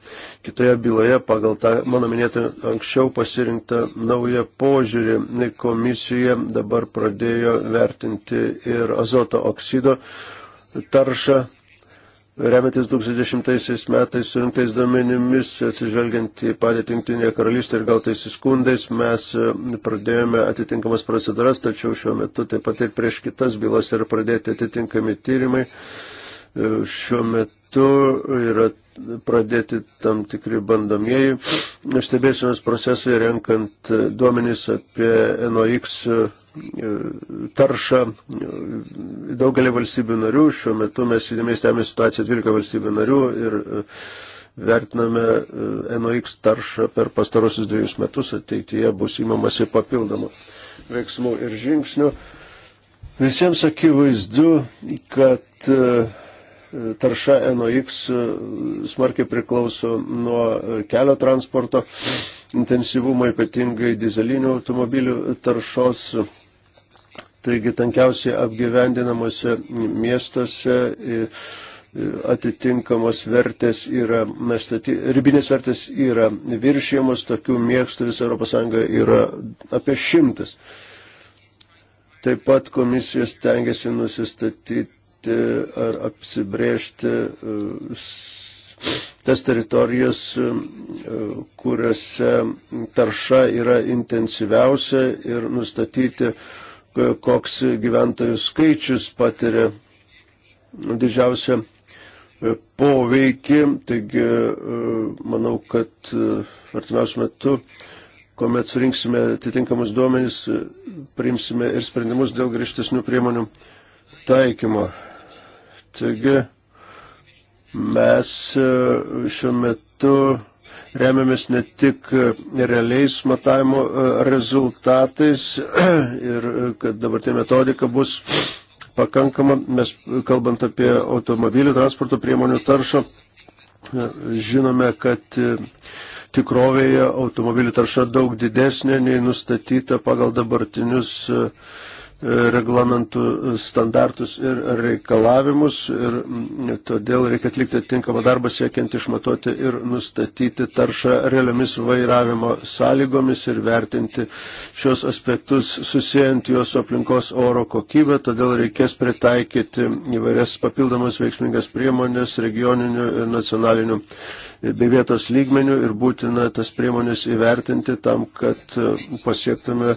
kitoje byloje pagal tą, mano minėtą, anksčiau pasirinktą naują požiūrį. Komisija dabar pradėjo vertinti ir azoto oksido taršą Remiantis 2010 metais surinktais duomenimis, atsižvelgiant į padėtį Junktinėje karalystėje ir gautais įskundais, mes e, pradėjome atitinkamas procedūras, tačiau šiuo metu taip pat ir prieš kitas bylas yra pradėti atitinkami tyrimai. E, šiuo metu metu yra pradėti tam tikri bandomieji stebėsinos procesai renkant duomenys apie NOX e, taršą e, daugelį valstybių narių. Šiuo metu mes įdėmiai stebime situaciją 12 valstybių narių ir e, vertiname NOX taršą per pastarosius dviejus metus, ateityje bus įmamasi papildomų veiksmų ir žingsnių. Visiems akivaizdu, kad uh, tarša NOx e, smarkiai priklauso nuo e, kelio transporto intensyvumo, ypatingai dizelinių automobilių taršos. Taigi tankiausiai apgyvendinamuose miestuose e, atitinkamos vertės yra, staty, ribinės vertės yra viršėjamos, tokių mėgstų visą ES yra apie šimtas. Taip pat komisijos tengiasi nusistatyti nustatyti ar apsibriežti uh, tas teritorijas, um, uh, kuriuose tarša yra intensyviausia ir nustatyti, koks gyventojų skaičius patiria didžiausią uh, poveikį. Taigi, manau, kad artimiausiu metu, kuomet surinksime atitinkamus duomenys, priimsime ir sprendimus dėl grįžtesnių priemonių taikymo. Taigi mes e, šiuo metu remiamės ne tik realiais matavimo e, rezultatais <clears throat> ir e, kad dabartė metodika bus pakankama, mes kalbant apie automobilių transporto priemonių taršą, žinome, kad tikrovėje automobilių tarša daug didesnė nei nustatyta pagal dabartinius uh, reglamentų standartus ir reikalavimus ir todėl reikia atlikti tinkamą darbą siekiant išmatuoti ir nustatyti taršą realiomis vairavimo sąlygomis ir vertinti šios aspektus susijęjant juos su aplinkos oro kokybė, todėl reikės pritaikyti įvairias papildomas veiksmingas priemonės regioninių ir nacionalinių bei vietos lygmenių ir būtina tas priemonės įvertinti tam, kad e, pasiektume,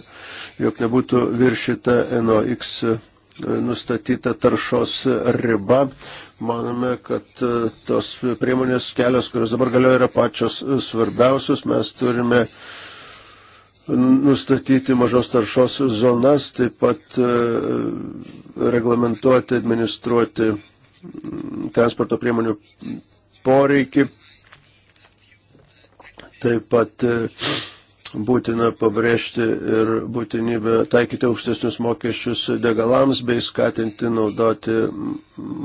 jog nebūtų viršita NOX e, nustatyta taršos riba. Manome, kad e, tos priemonės kelios, kurios dabar galioja, yra pačios svarbiausios. Mes turime nustatyti mažos taršos zonas, taip pat reglamentuoti, administruoti transporto priemonių poreikį Taip pat e, būtina pabrėžti ir būtinybę taikyti aukštesnius mokesčius degalams bei skatinti naudoti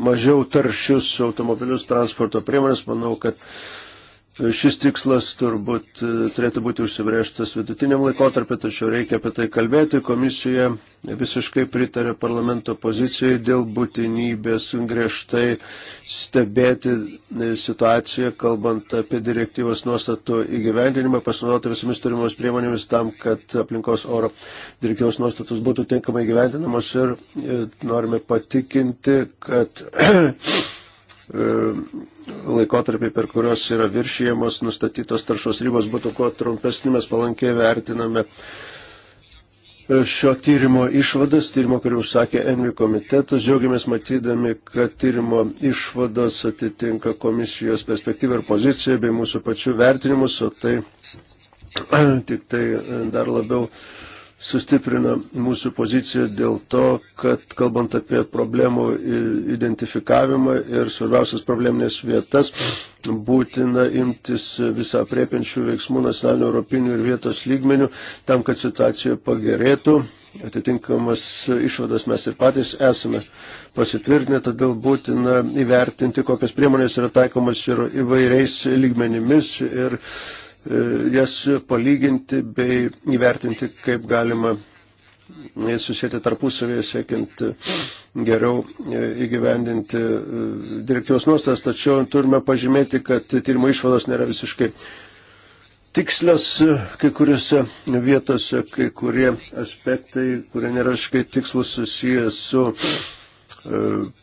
mažiau taršius automobilius transporto priemonės. Manau, kad Šis tikslas turbūt e, turėtų būti užsibrėžtas vidutiniam laikotarpiu, tačiau reikia apie tai kalbėti. Komisija visiškai pritarė parlamento pozicijai dėl būtinybės griežtai stebėti e, situaciją, kalbant apie direktyvos nuostatų įgyvendinimą, pasinaudoti visomis turimos priemonėmis tam, kad aplinkos oro direktyvos nuostatus būtų tinkamai įgyvendinamos ir e, norime patikinti, kad <clears throat> E, laikotarpiai, per kuriuos yra viršijamos nustatytos taršos ribos, būtų kuo trumpesni, mes palankiai vertiname e, šio tyrimo išvadas, tyrimo, kurį užsakė Envi komitetas. Džiaugiamės matydami, kad tyrimo išvados atitinka komisijos perspektyvą ir poziciją bei mūsų pačių vertinimus, o tai <clears throat> tik tai dar labiau uh, sustiprina mūsų poziciją dėl to, kad kalbant apie problemų identifikavimą ir svarbiausias probleminės vietas, būtina imtis visą priepiančių veiksmų nacionalinių, europinių ir vietos lygmenių, tam, kad situacija pagerėtų. Atitinkamas išvadas mes ir patys esame pasitvirtinę, todėl būtina įvertinti, kokias priemonės yra taikomas ir įvairiais lygmenimis ir uh, E, jas palyginti bei įvertinti, kaip galima susėti tarpusavėje, siekiant geriau e, įgyvendinti e, direktyvos nuostas, tačiau turime pažymėti, kad tyrimo išvados nėra visiškai tikslios kai kuriuose vietose, kai kurie aspektai, kurie nėra visiškai tikslus susijęs su E,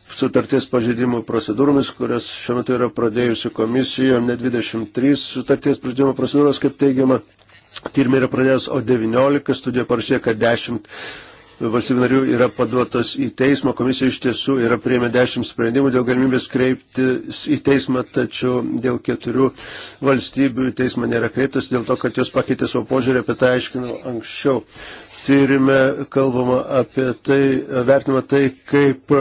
sutarties pažeidimų procedūromis, kurias šiuo metu yra pradėjusi komisija, ne 23 sutarties pažeidimų procedūros, kaip teigiama, tyrimai yra pradėjęs, o 19 studija parašė, kad 10 valstybių narių yra paduotas į teismą, komisija iš tiesų yra prieėmė 10 sprendimų dėl galimybės kreiptis į teismą, tačiau dėl keturių valstybių teismą nėra kreiptas, dėl to, kad jos pakeitė savo požiūrį, apie tai aiškinau anksčiau tyrime kalbama apie tai, vertinama tai, kaip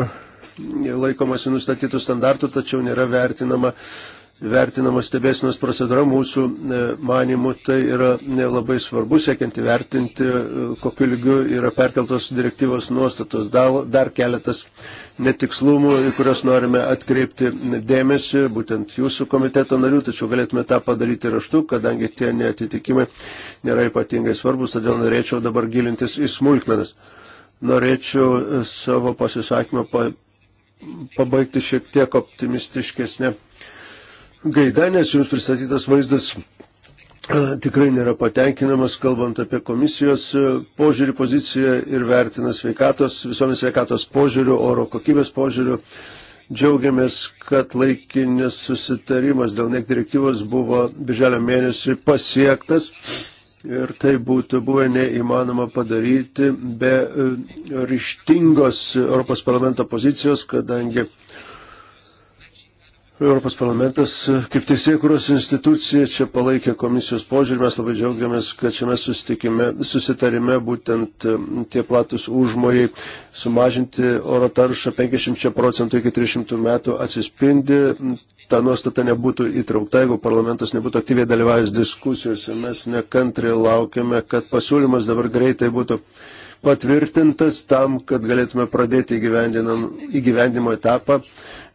laikomasi nustatytų standartų, tačiau nėra vertinama uh, vertinama stebėsinos procedūra mūsų e, manimų, tai yra e, labai svarbu, siekiant įvertinti, e, kokiu lygiu yra perkeltos direktyvos nuostatos. Dar, dar keletas netikslumų, į kurios norime atkreipti dėmesį, būtent jūsų komiteto narių, tačiau galėtume tą padaryti raštu, kadangi tie netitikimai nėra ypatingai svarbus, todėl norėčiau dabar gilintis į smulkmenas. Norėčiau savo pasisakymą pa, pabaigti šiek tiek optimistiškesnė gaida, nes jums pristatytas vaizdas e, tikrai nėra patenkinamas, kalbant apie komisijos e, požiūrį, poziciją ir vertina sveikatos, visuomis sveikatos požiūrių, oro kokybės požiūrių. Džiaugiamės, kad laikinis susitarimas dėl nek direktyvos buvo birželio mėnesį pasiektas ir tai būtų buvę neįmanoma padaryti be e, ryštingos Europos parlamento pozicijos, kadangi Europos parlamentas e, kaip teisėkuros institucija čia palaikė komisijos požiūrį. Mes labai džiaugiamės, kad šiame susitarime būtent e, tie platus užmojai sumažinti oro taršą 50 procentų iki 300 metų atsispindi. Ta nuostata nebūtų įtraukta, jeigu parlamentas nebūtų aktyviai dalyvavęs diskusijose. Mes nekantriai laukiame, kad pasiūlymas dabar greitai būtų patvirtintas tam, kad galėtume pradėti įgyvendimo etapą,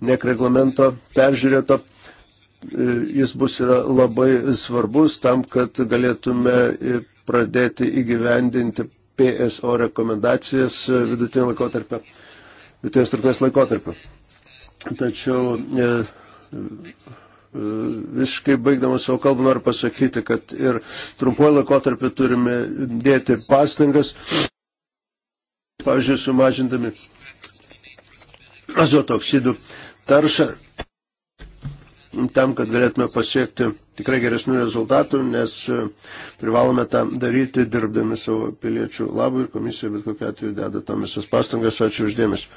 nek reglamento peržiūrėto. E, jis bus yra labai svarbus tam, kad galėtume e, pradėti įgyvendinti PSO rekomendacijas e, vidutinio laikotarpio, vidutinės trukmės laikotarpio. Tačiau visiškai baigdamas savo kalbą noriu pasakyti, kad ir trumpuoju laikotarpiu turime dėti pastangas. Pavyzdžiui, sumažindami azotoksidų taršą tam, kad galėtume pasiekti tikrai geresnių rezultatų, nes e, privalome tą daryti dirbdami savo piliečių labui ir komisija bet kokiu atveju deda tam visas pastangas. Ačiū uždėmesi.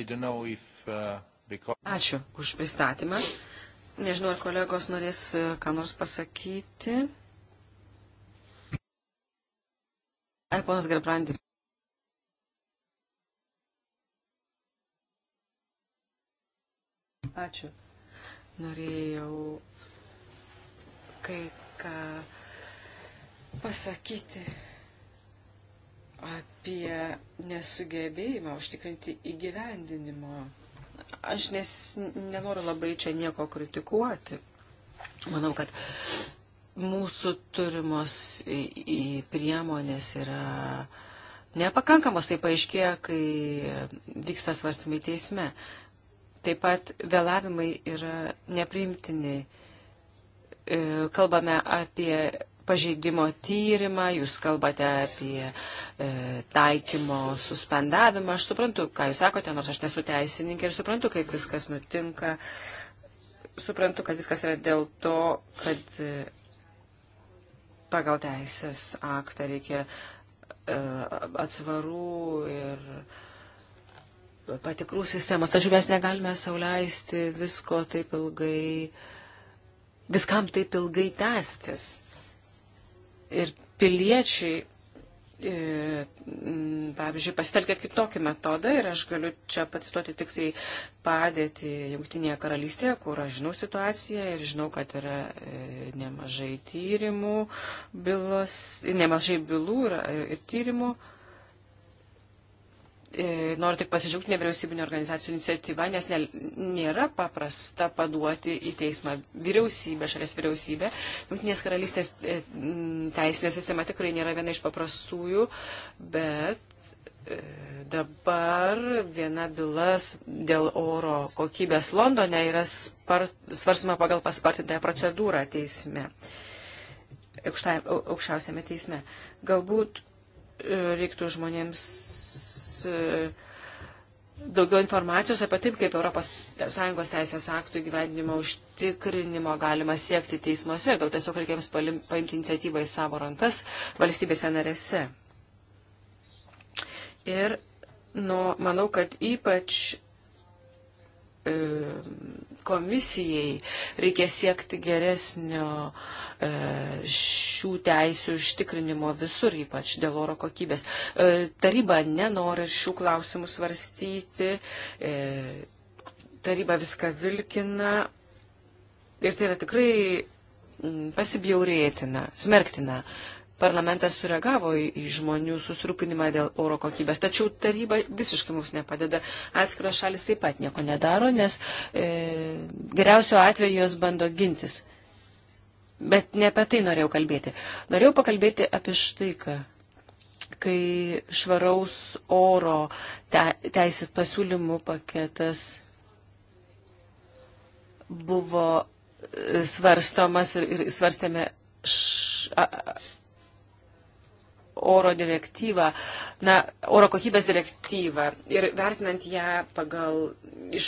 Uh, Ačiū už pristatymą. Nežinau, ar kolegos norės e, ką nors pasakyti. Ai, ponas Gerbrandi. Ačiū. Norėjau kai ką pasakyti apie nesugebėjimą užtikrinti įgyvendinimo. Aš nes, nenoriu labai čia nieko kritikuoti. Manau, kad mūsų turimos į priemonės yra nepakankamos, tai paaiškėja, kai vyksta svarstymai teisme. Taip pat vėlavimai yra nepriimtini. E, kalbame apie pažeidimo tyrimą, jūs kalbate apie e, taikymo suspendavimą. Aš suprantu, ką jūs sakote, nors aš nesu teisininkė ir suprantu, kaip viskas nutinka. Suprantu, kad viskas yra dėl to, kad e, pagal teisės aktą reikia e, atsvarų ir patikrų sistemos. Tačiau mes negalime sauliaisti visko taip ilgai, viskam taip ilgai tęstis. Ir piliečiai E, pavyzdžiui, pasitelkė kitokį metodą ir aš galiu čia pacituoti tik tai padėti Jungtinėje karalystėje, kur aš žinau situaciją ir žinau, kad yra e, nemažai tyrimų, bylos, nemažai bylų ir, ir tyrimų. E, noriu tik pasidžiaugti nevyriausybinio organizacijų iniciatyva, nes ne, nėra paprasta paduoti į teismą vyriausybę, šalies vyriausybę. Jungtinės karalystės e, teisinė sistema tikrai nėra viena iš paprastųjų, bet e, dabar viena bylas dėl oro kokybės Londone yra svarsima pagal paspartintąją procedūrą teisme, aukštai, aukščiausiame teisme. Galbūt reiktų žmonėms E, daugiau informacijos apie taip, kaip ES teisės aktų įgyvendinimo užtikrinimo galima siekti teismuose, tau tiesiog reikia jiems paimti iniciatyvą į savo rankas valstybėse narėse. Ir nu, manau, kad ypač E, komisijai reikia siekti geresnio e, šių teisių ištikrinimo visur, ypač dėl oro kokybės. E, taryba nenori šių klausimų svarstyti, taryba viską vilkina ir tai yra tikrai pasibjaurėtina, smerktina parlamentas sureagavo į, į žmonių susirūpinimą dėl oro kokybės. Tačiau taryba visiškai mums nepadeda. Atskiros šalis taip pat nieko nedaro, nes e, geriausio atveju jos bando gintis. Bet ne apie tai norėjau kalbėti. Norėjau pakalbėti apie štai ką kai švaraus oro te, teisės pasiūlymų paketas buvo e, svarstomas ir, ir svarstėme š, a, oro direktyvą, na, oro kokybės direktyvą ir vertinant ją pagal iš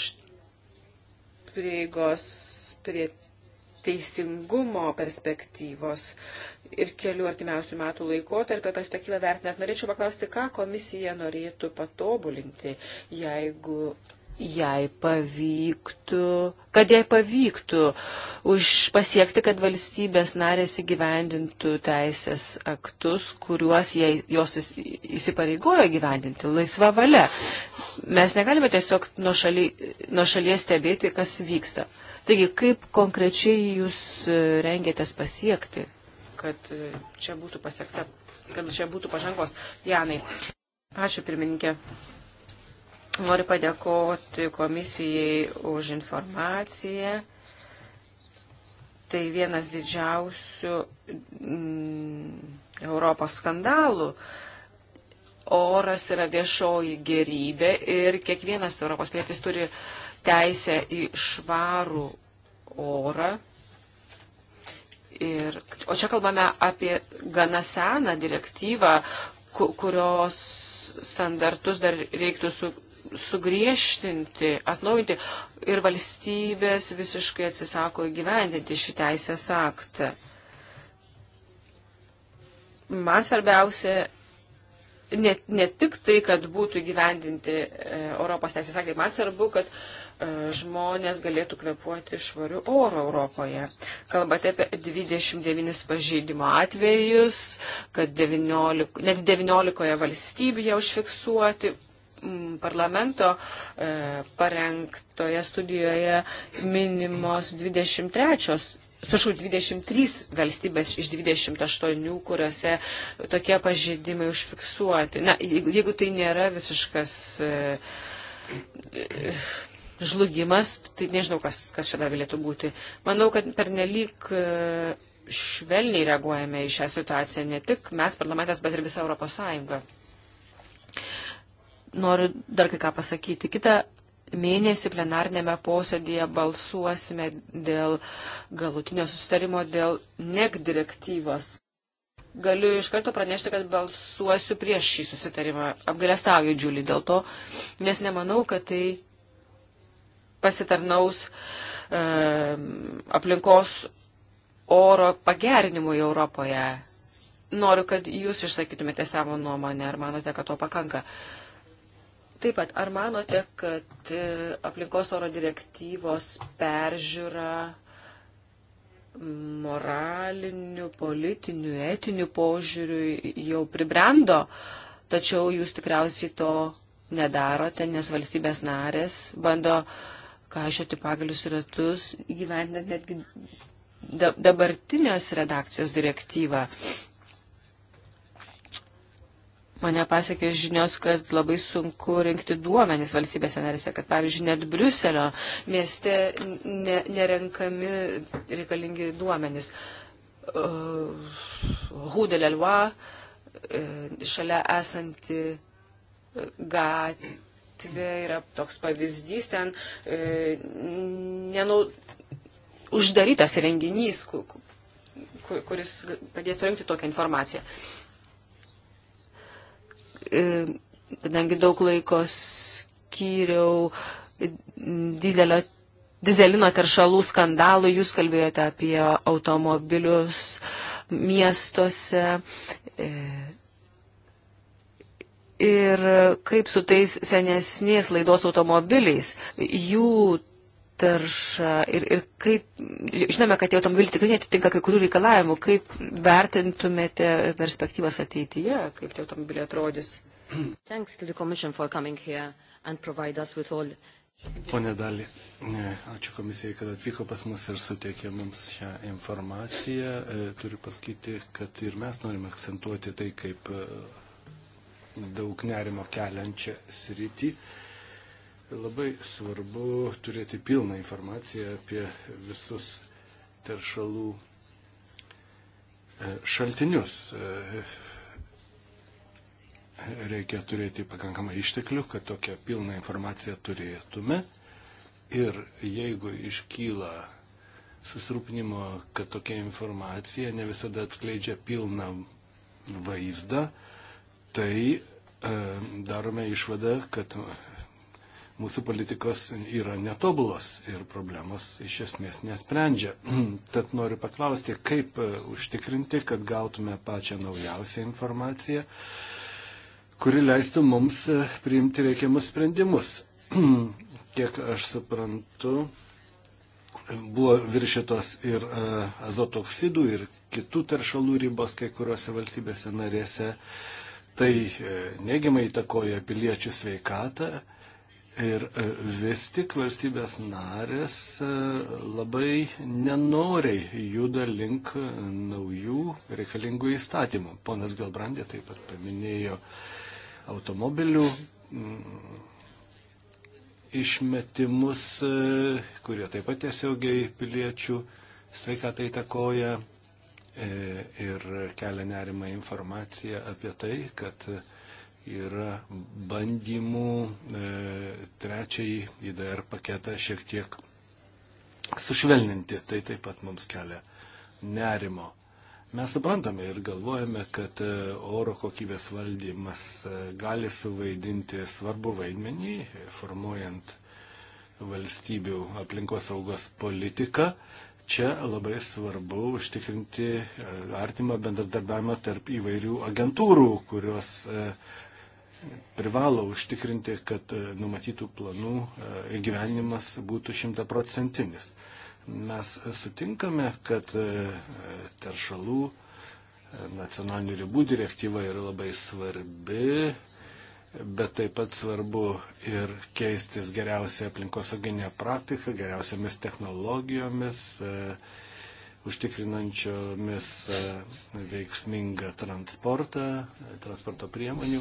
prieigos prie teisingumo perspektyvos ir kelių artimiausių metų laikotarpio perspektyvą vertinant, norėčiau paklausti, ką komisija norėtų patobulinti, jeigu jai pavyktų, kad jai pavyktų už pasiekti, kad valstybės narės įgyvendintų teisės aktus, kuriuos jai, jos įsipareigojo gyvendinti laisva valia. Mes negalime tiesiog nuo, šaly, nuo šalies stebėti, kas vyksta. Taigi, kaip konkrečiai jūs e, rengėtės pasiekti, kad e, čia būtų pasiekta, kad čia būtų pažangos. Janai. Ačiū pirmininkė. Noriu padėkoti komisijai už informaciją. Tai vienas didžiausių mm, Europos skandalų. Oras yra viešoji gerybė ir kiekvienas Europos pilietis turi teisę į švarų orą. Ir, o čia kalbame apie gana seną direktyvą, kurios standartus dar reiktų su, sugriežtinti, atnaujinti ir valstybės visiškai atsisako įgyvendinti šį teisės aktą. Man svarbiausia ne, ne tik tai, kad būtų įgyvendinti e, Europos teisės aktai, man svarbu, kad e, žmonės galėtų kvepuoti švariu oru Europoje. Kalbate apie 29 pažeidimo atvejus, kad 19, net 19 valstybių jie užfiksuoti Mm, parlamento e, parengtoje studijoje minimos 23 Prašau, 23 valstybės iš 28, kuriuose tokie pažeidimai užfiksuoti. Na, jeigu tai nėra visiškas e, e, žlugimas, tai nežinau, kas, kas čia dar galėtų būti. Manau, kad pernelyg švelniai reaguojame į šią situaciją, ne tik mes parlamentas, bet ir visa Europos Sąjunga noriu dar kai ką pasakyti. Kita mėnesį plenarnėme posėdėje balsuosime dėl galutinio susitarimo dėl NEC direktyvos. Galiu iš karto pranešti, kad balsuosiu prieš šį susitarimą. Apgalėstauju, Džiulį, dėl to, nes nemanau, kad tai pasitarnaus e, aplinkos oro pagerinimui Europoje. Noriu, kad jūs išsakytumėte savo nuomonę, ar manote, kad to pakanka. E, Taip pat, ar manote, kad e, aplinkos oro direktyvos peržiūra moraliniu, politiniu, etiniu požiūriu jau pribrendo, tačiau jūs tikriausiai to nedarote, nes valstybės narės bando kažkoti pagalius ir ratus, gyventinant netgi dabartinės redakcijos direktyvą. Mane pasiekė žinios, kad labai sunku rinkti duomenys valstybėse narise, kad pavyzdžiui, net Briuselio mieste ne, nerenkami reikalingi duomenys. Uh, Rue de la Loi, uh, šalia esanti uh, gatvė yra toks pavyzdys, ten nenau, uždarytas renginys, kuris padėtų rinkti tokią informaciją. E, kadangi daug laiko skyriau dizelio, dizelino teršalų skandalų, jūs kalbėjote apie automobilius miestuose. E, ir kaip su tais senesnės laidos automobiliais, jų taršą ir, ir kaip, žinome, kad tie automobiliai tikrai netitinka kai kurių reikalavimų, kaip vertintumėte perspektyvas ateityje, kaip tie automobiliai atrodys? Pone Dali, ačiū komisijai, kad atvyko pas mus ir suteikė mums šią informaciją. E, turiu pasakyti, kad ir mes norime akcentuoti tai kaip e, daug nerimo keliančią sritį. Labai svarbu turėti pilną informaciją apie visus teršalų e, šaltinius. E, reikia turėti pakankamai išteklių, kad tokią pilną informaciją turėtume. Ir jeigu iškyla susirūpinimo, kad tokia informacija ne visada atskleidžia pilną vaizdą, tai e, darome išvadą, kad mūsų politikos yra netobulos ir problemos iš esmės nesprendžia. <clears throat> Tad noriu paklausti, kaip e, užtikrinti, kad gautume pačią naujausią informaciją, kuri leistų mums e, priimti reikiamus sprendimus. <clears throat> Kiek aš suprantu, buvo viršytos ir e, azotoksidų, ir kitų teršalų ribos kai kuriuose valstybėse narėse. Tai neigiamai įtakoja piliečių sveikatą Ir e, vis tik valstybės narės e, labai nenoriai juda link e, naujų reikalingų įstatymų. Ponas Galbrandė taip pat paminėjo automobilių mm, išmetimus, kurie taip pat tiesiogiai piliečių sveikatai takoja ir kelia nerimą informaciją apie tai, kad yra bandymų e, trečiai IDR paketą šiek tiek sušvelninti. Tai taip pat mums kelia nerimo. Mes suprantame ir galvojame, kad e, oro kokybės valdymas e, gali suvaidinti svarbu vaidmenį, formuojant valstybių aplinkos saugos politiką. Čia labai svarbu užtikrinti e, artimą bendradarbiavimą tarp įvairių agentūrų, kurios privalo užtikrinti, kad e, numatytų planų e, įgyvenimas būtų šimtaprocentinis. Mes sutinkame, kad e, teršalų nacionalinių ribų direktyva yra labai svarbi, bet taip pat svarbu ir keistis geriausią aplinkosauginę praktiką, geriausiamis technologijomis, užtikrinančiomis veiksmingą transportą, transporto priemonių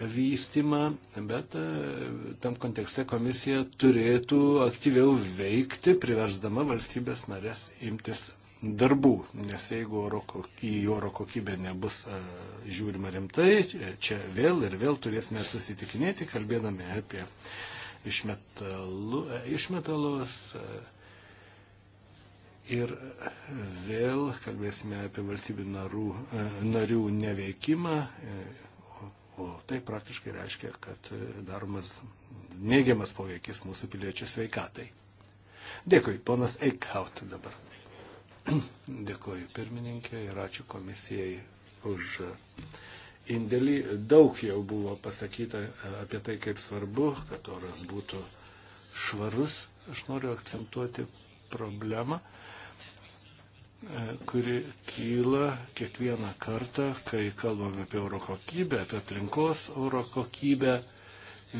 vystimą, bet tam kontekste komisija turėtų aktyviau veikti, priversdama valstybės narės imtis darbų, nes jeigu oro kokį, į oro kokybę nebus žiūrima rimtai, čia vėl ir vėl turėsime susitikinėti, kalbėdami apie išmetalu, e, išmetalus. Ir vėl kalbėsime apie valstybių narų, narių neveikimą, e, O tai praktiškai reiškia, kad e, daromas neigiamas poveikis mūsų piliečių sveikatai. Dėkui, ponas Eichhaut dabar. <clears throat> Dėkui pirmininkė ir ačiū komisijai už indėlį. Daug jau buvo pasakyta e, apie tai, kaip svarbu, kad oras būtų švarus. Aš noriu akcentuoti problemą, kuri kyla kiekvieną kartą, kai kalbame apie oro kokybę, apie aplinkos oro kokybę.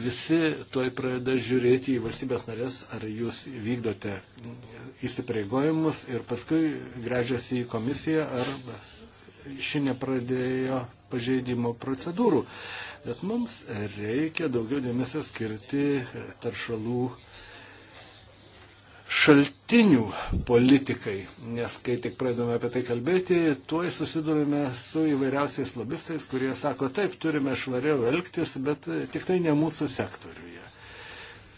Visi tuoj pradeda žiūrėti į valstybės narės, ar jūs vykdote įsipareigojimus ir paskui grežiasi į komisiją, ar ši nepradėjo pažeidimo procedūrų. Bet mums reikia daugiau dėmesio skirti taršalų uh, šaltinių politikai, nes kai tik pradedame apie tai kalbėti, tuoj susidurime su įvairiausiais lobistais, kurie sako, taip, turime švariau elgtis, bet e, tik tai ne mūsų sektoriuje.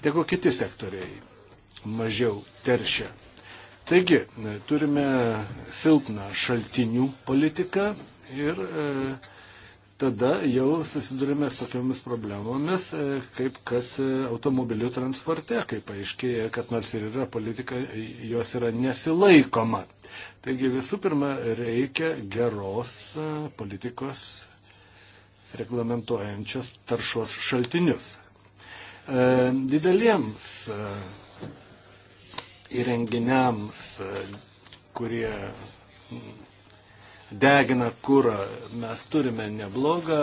Tegu kiti sektoriai mažiau teršia. Taigi, e, turime silpną šaltinių politiką ir e, tada jau susidurime su tokiamis problemomis, e, kaip kad e, automobilių transporte, kaip aiškėja, kad nors ir yra politika, e, jos yra nesilaikoma. Taigi visų pirma, reikia geros politikos reglamentuojančios taršos šaltinius. Dideliems įrenginiams, kurie degina kūrą. Mes turime neblogą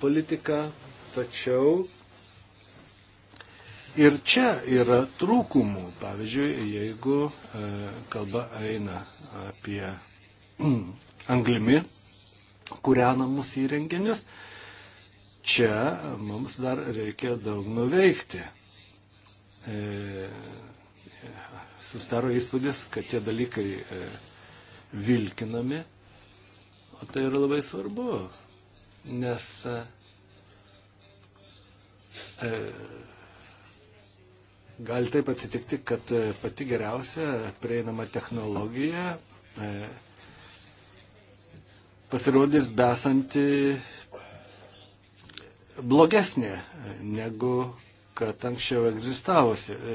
politiką, tačiau ir čia yra trūkumų. Pavyzdžiui, jeigu e, kalba eina apie <clears throat> anglimi kūrenamus įrenginius, čia mums dar reikia daug nuveikti. E, susidaro įspūdis, kad tie dalykai e, vilkinami, o tai yra labai svarbu, nes e, e gali taip atsitikti, kad e, pati geriausia prieinama technologija e, pasirodys besanti blogesnė negu kad anksčiau egzistavusi. E,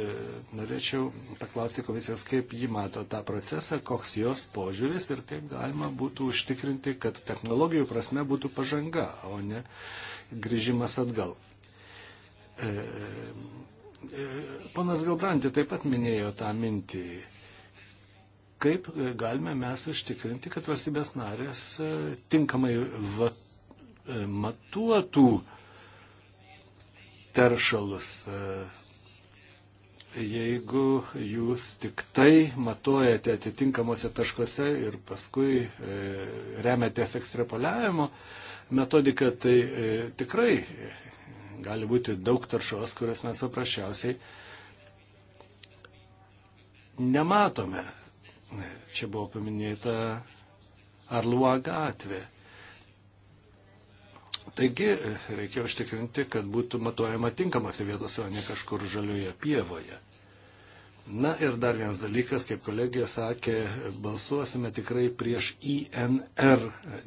norėčiau paklausti komisijos, kaip ji mato tą procesą, koks jos požiūris ir kaip galima būtų užtikrinti, kad technologijų prasme būtų pažanga, o ne grįžimas atgal. E, e, ponas Galbrantė taip pat minėjo tą mintį. Kaip galime mes užtikrinti, kad valstybės narės tinkamai va, matuotų uh, teršalus. E, jeigu jūs tik tai matuojate atitinkamuose taškuose ir paskui e, remiatės ekstrapoliavimo metodiką, tai e, tikrai gali būti daug taršos, kurios mes paprasčiausiai nematome. Čia buvo paminėta Arlua gatvė. Taigi e, reikia užtikrinti, kad būtų matuojama tinkamose vietose, o ne kažkur žalioje pievoje. Na ir dar vienas dalykas, kaip kolegija sakė, balsuosime tikrai prieš INR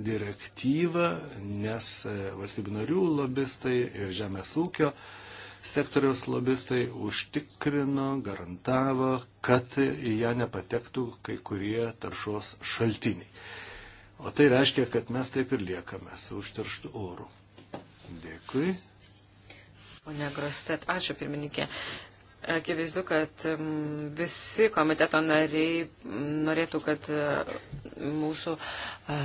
direktyvą, nes e, valstybių narių lobistai ir žemės ūkio sektoriaus lobistai užtikrino, garantavo, kad į ją nepatektų kai kurie taršos šaltiniai. O tai reiškia, kad mes taip ir liekame su užterštu oru. Dėkui. Pone Grostet, ačiū pirmininkė. Akivaizdu, kad visi komiteto nariai norėtų, kad e, mūsų e,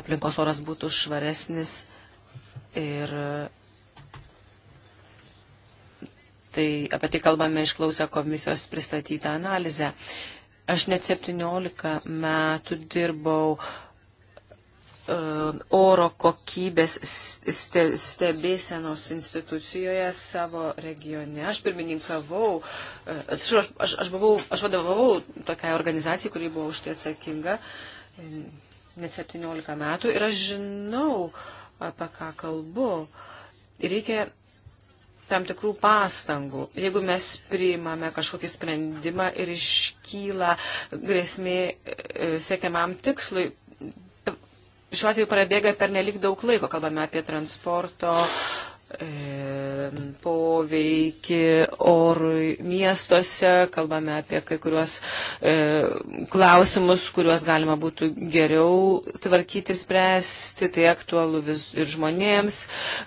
aplinkos oras būtų švaresnis ir tai apie tai kalbame išklausę komisijos pristatytą analizę. Aš net 17 metų dirbau uh, Um, oro kokybės stebėsenos institucijoje savo regione. Aš pirmininkavau, uh, aš, aš, aš, buvau, aš vadovavau tokiai organizacijai, kuri buvo už tai atsakinga um, net 17 metų ir aš žinau, uh, apie ką kalbu. Reikia tam tikrų pastangų. Jeigu mes priimame kažkokį sprendimą ir iškyla grėsmė uh, siekiamam tikslui, šiuo atveju prabėga per nelik daug laiko, kalbame apie transporto poveikį orui miestuose, kalbame apie kai kuriuos e, klausimus, kuriuos galima būtų geriau tvarkyti ir spręsti, tai aktualu vis ir žmonėms.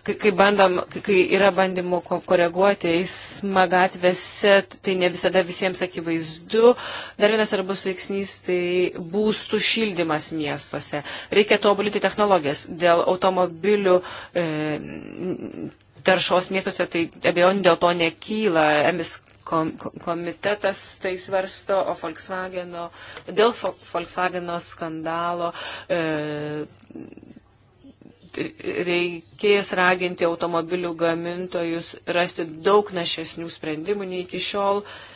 Kai, kai, bandom, kai, kai yra bandymo koreguoti eismą gatvėse, tai ne visada visiems akivaizdu. Dar vienas svarbus veiksnys tai būstų šildymas miestuose. Reikia tobulinti technologijas dėl automobilių. E, taršos miestuose, tai abejonių dėl to nekyla. Emis komitetas tai svarsto, o Volkswageno, dėl Volkswageno skandalo e, reikės raginti automobilių gamintojus rasti daug našesnių sprendimų nei iki šiol. E,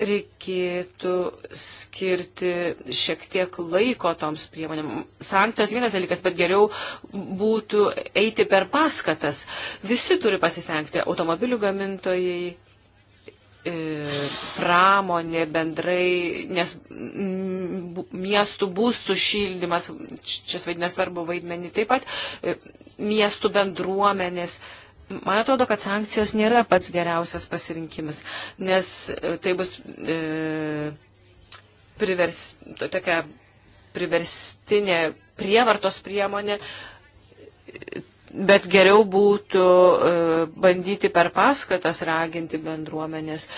reikėtų skirti šiek tiek laiko toms priemonėm. Sankcijos vienas dalykas, bet geriau būtų eiti per paskatas. Visi turi pasistengti, automobilių gamintojai, e, pramonė bendrai, nes miestų būstų šildymas, čia vaidina svarbu vaidmenį taip pat, e, miestų bendruomenės. Man atrodo, kad sankcijos nėra pats geriausias pasirinkimas, nes e, tai bus e, privers, tokia priverstinė prievartos priemonė, bet geriau būtų e, bandyti per paskatas raginti bendruomenės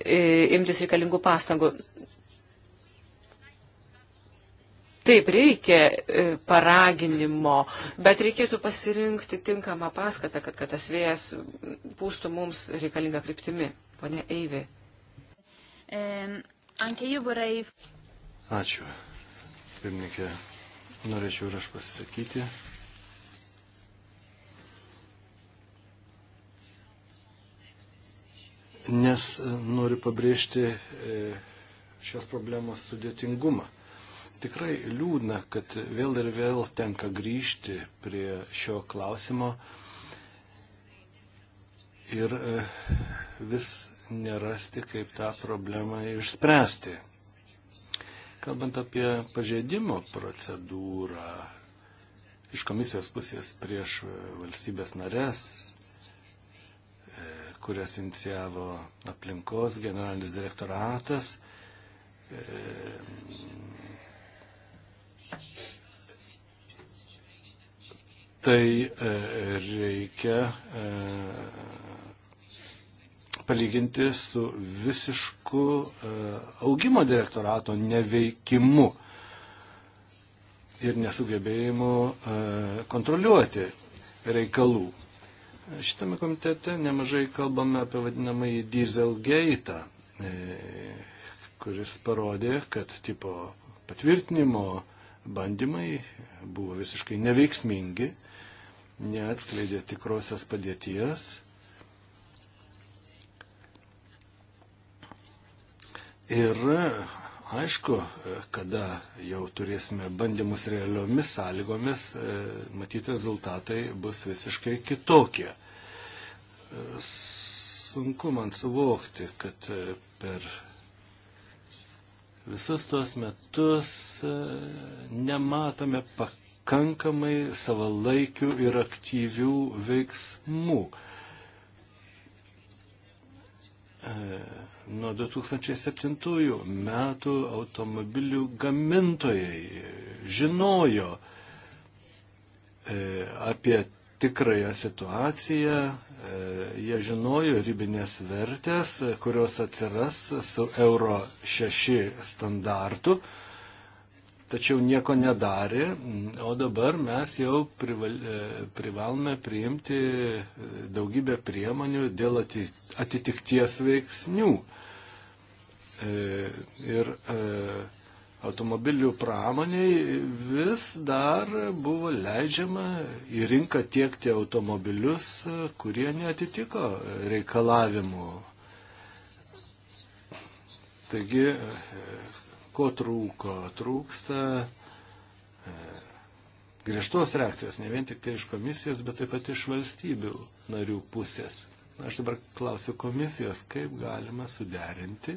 e, imtis reikalingų pastangų. Taip, reikia e, paraginimo, bet reikėtų pasirinkti tinkamą paskatą, kad, kad tas vėjas pūstų mums reikalingą kryptimi. Pone Eivi. Ačiū. Pirmininkė, norėčiau ir aš pasisakyti. Nes e, noriu pabrėžti e, šios problemos sudėtingumą. Tikrai liūdna, kad vėl ir vėl tenka grįžti prie šio klausimo ir e, vis nerasti, kaip tą problemą išspręsti. Kalbant apie pažeidimo procedūrą iš komisijos pusės prieš e, valstybės narės, e, kurias inicijavo aplinkos generalinis direktoratas, tai e, reikia e, palyginti su visišku e, augimo direktorato neveikimu ir nesugebėjimu kontroliuoti reikalų. Šitame komitete nemažai kalbame apie vadinamąjį dieselgeitą, kuris parodė, kad tipo patvirtinimo bandymai buvo visiškai neveiksmingi, neatskleidė tikrosios padėties. Ir aišku, kada jau turėsime bandymus realiomis sąlygomis, e, matyti rezultatai bus visiškai kitokie. E, sunku man suvokti, kad e, per Visus tuos metus e, nematome pakankamai savalaikių ir aktyvių veiksmų. E, nuo 2007 metų automobilių gamintojai žinojo e, apie tikrąją situaciją, e, jie žinojo ribinės vertės, kurios atsiras su Euro 6 standartu, tačiau nieko nedarė, o dabar mes jau prival, e, privalome priimti daugybę priemonių dėl atitikties veiksnių. E, ir automobilių pramoniai vis dar buvo leidžiama į rinką tiekti automobilius, kurie netitiko reikalavimų. Taigi, ko trūko? Trūksta e, griežtos reakcijos, ne vien tik tai iš komisijos, bet taip pat iš valstybių narių pusės. Aš dabar klausiu komisijos, kaip galima suderinti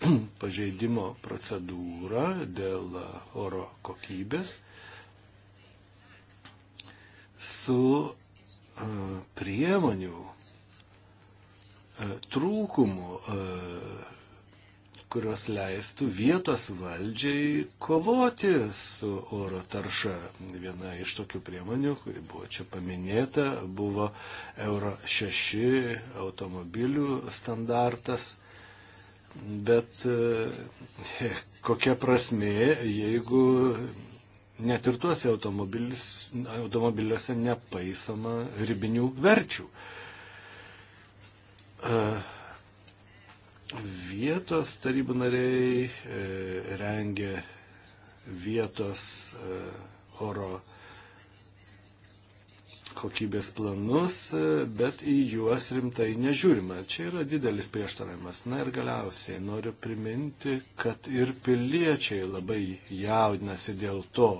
<clears throat> pažeidimo procedūrą dėl oro kokybės su e, priemonių e, trūkumų, e, kurios leistų vietos valdžiai kovoti su oro tarša. Viena iš tokių priemonių, kuri buvo čia paminėta, buvo Euro 6 automobilių standartas. Bet e, kokia prasme, jeigu net ir tuose automobiliuose nepaisoma ribinių verčių. E, vietos tarybų nariai e, rengia vietos oro kokybės planus, bet į juos rimtai nežiūrima. Čia yra didelis prieštaravimas. Na ir galiausiai noriu priminti, kad ir piliečiai labai jaudinasi dėl to.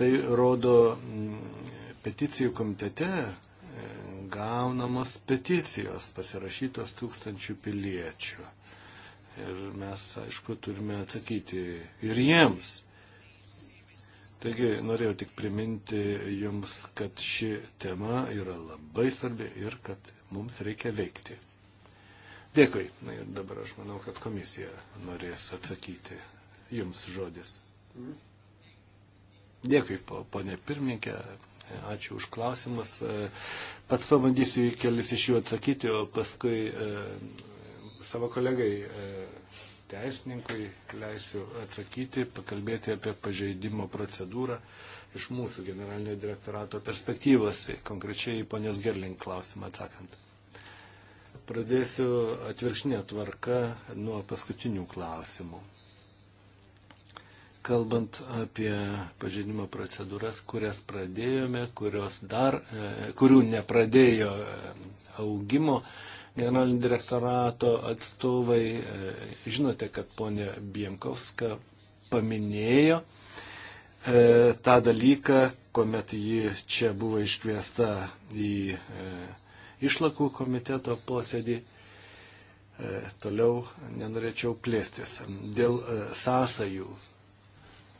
Tai rodo mm, peticijų komitete e, gaunamos peticijos pasirašytos tūkstančių piliečių. Ir mes, aišku, turime atsakyti ir jiems. Taigi norėjau tik priminti Jums, kad ši tema yra labai svarbi ir kad mums reikia veikti. Dėkui. Na ir dabar aš manau, kad komisija norės atsakyti Jums žodis. Dėkui, ponė pirmininkė. Ačiū už klausimus. Pats pabandysiu į kelis iš jų atsakyti, o paskui e, savo kolegai e, teisininkui leisiu atsakyti, pakalbėti apie pažeidimo procedūrą iš mūsų generalinio direktorato perspektyvos, konkrečiai ponios Gerling klausimą atsakant. Pradėsiu atvirkšnė tvarka nuo paskutinių klausimų. Kalbant apie pažinimo procedūras, kurias pradėjome, kurios dar, e, kurių nepradėjo e, augimo, generalinio direktorato atstovai. E, žinote, kad ponė Biemkovska paminėjo e, tą dalyką, kuomet ji čia buvo iškviesta į e, išlakų komiteto posėdį. Toliau nenorėčiau plėstis dėl sąsajų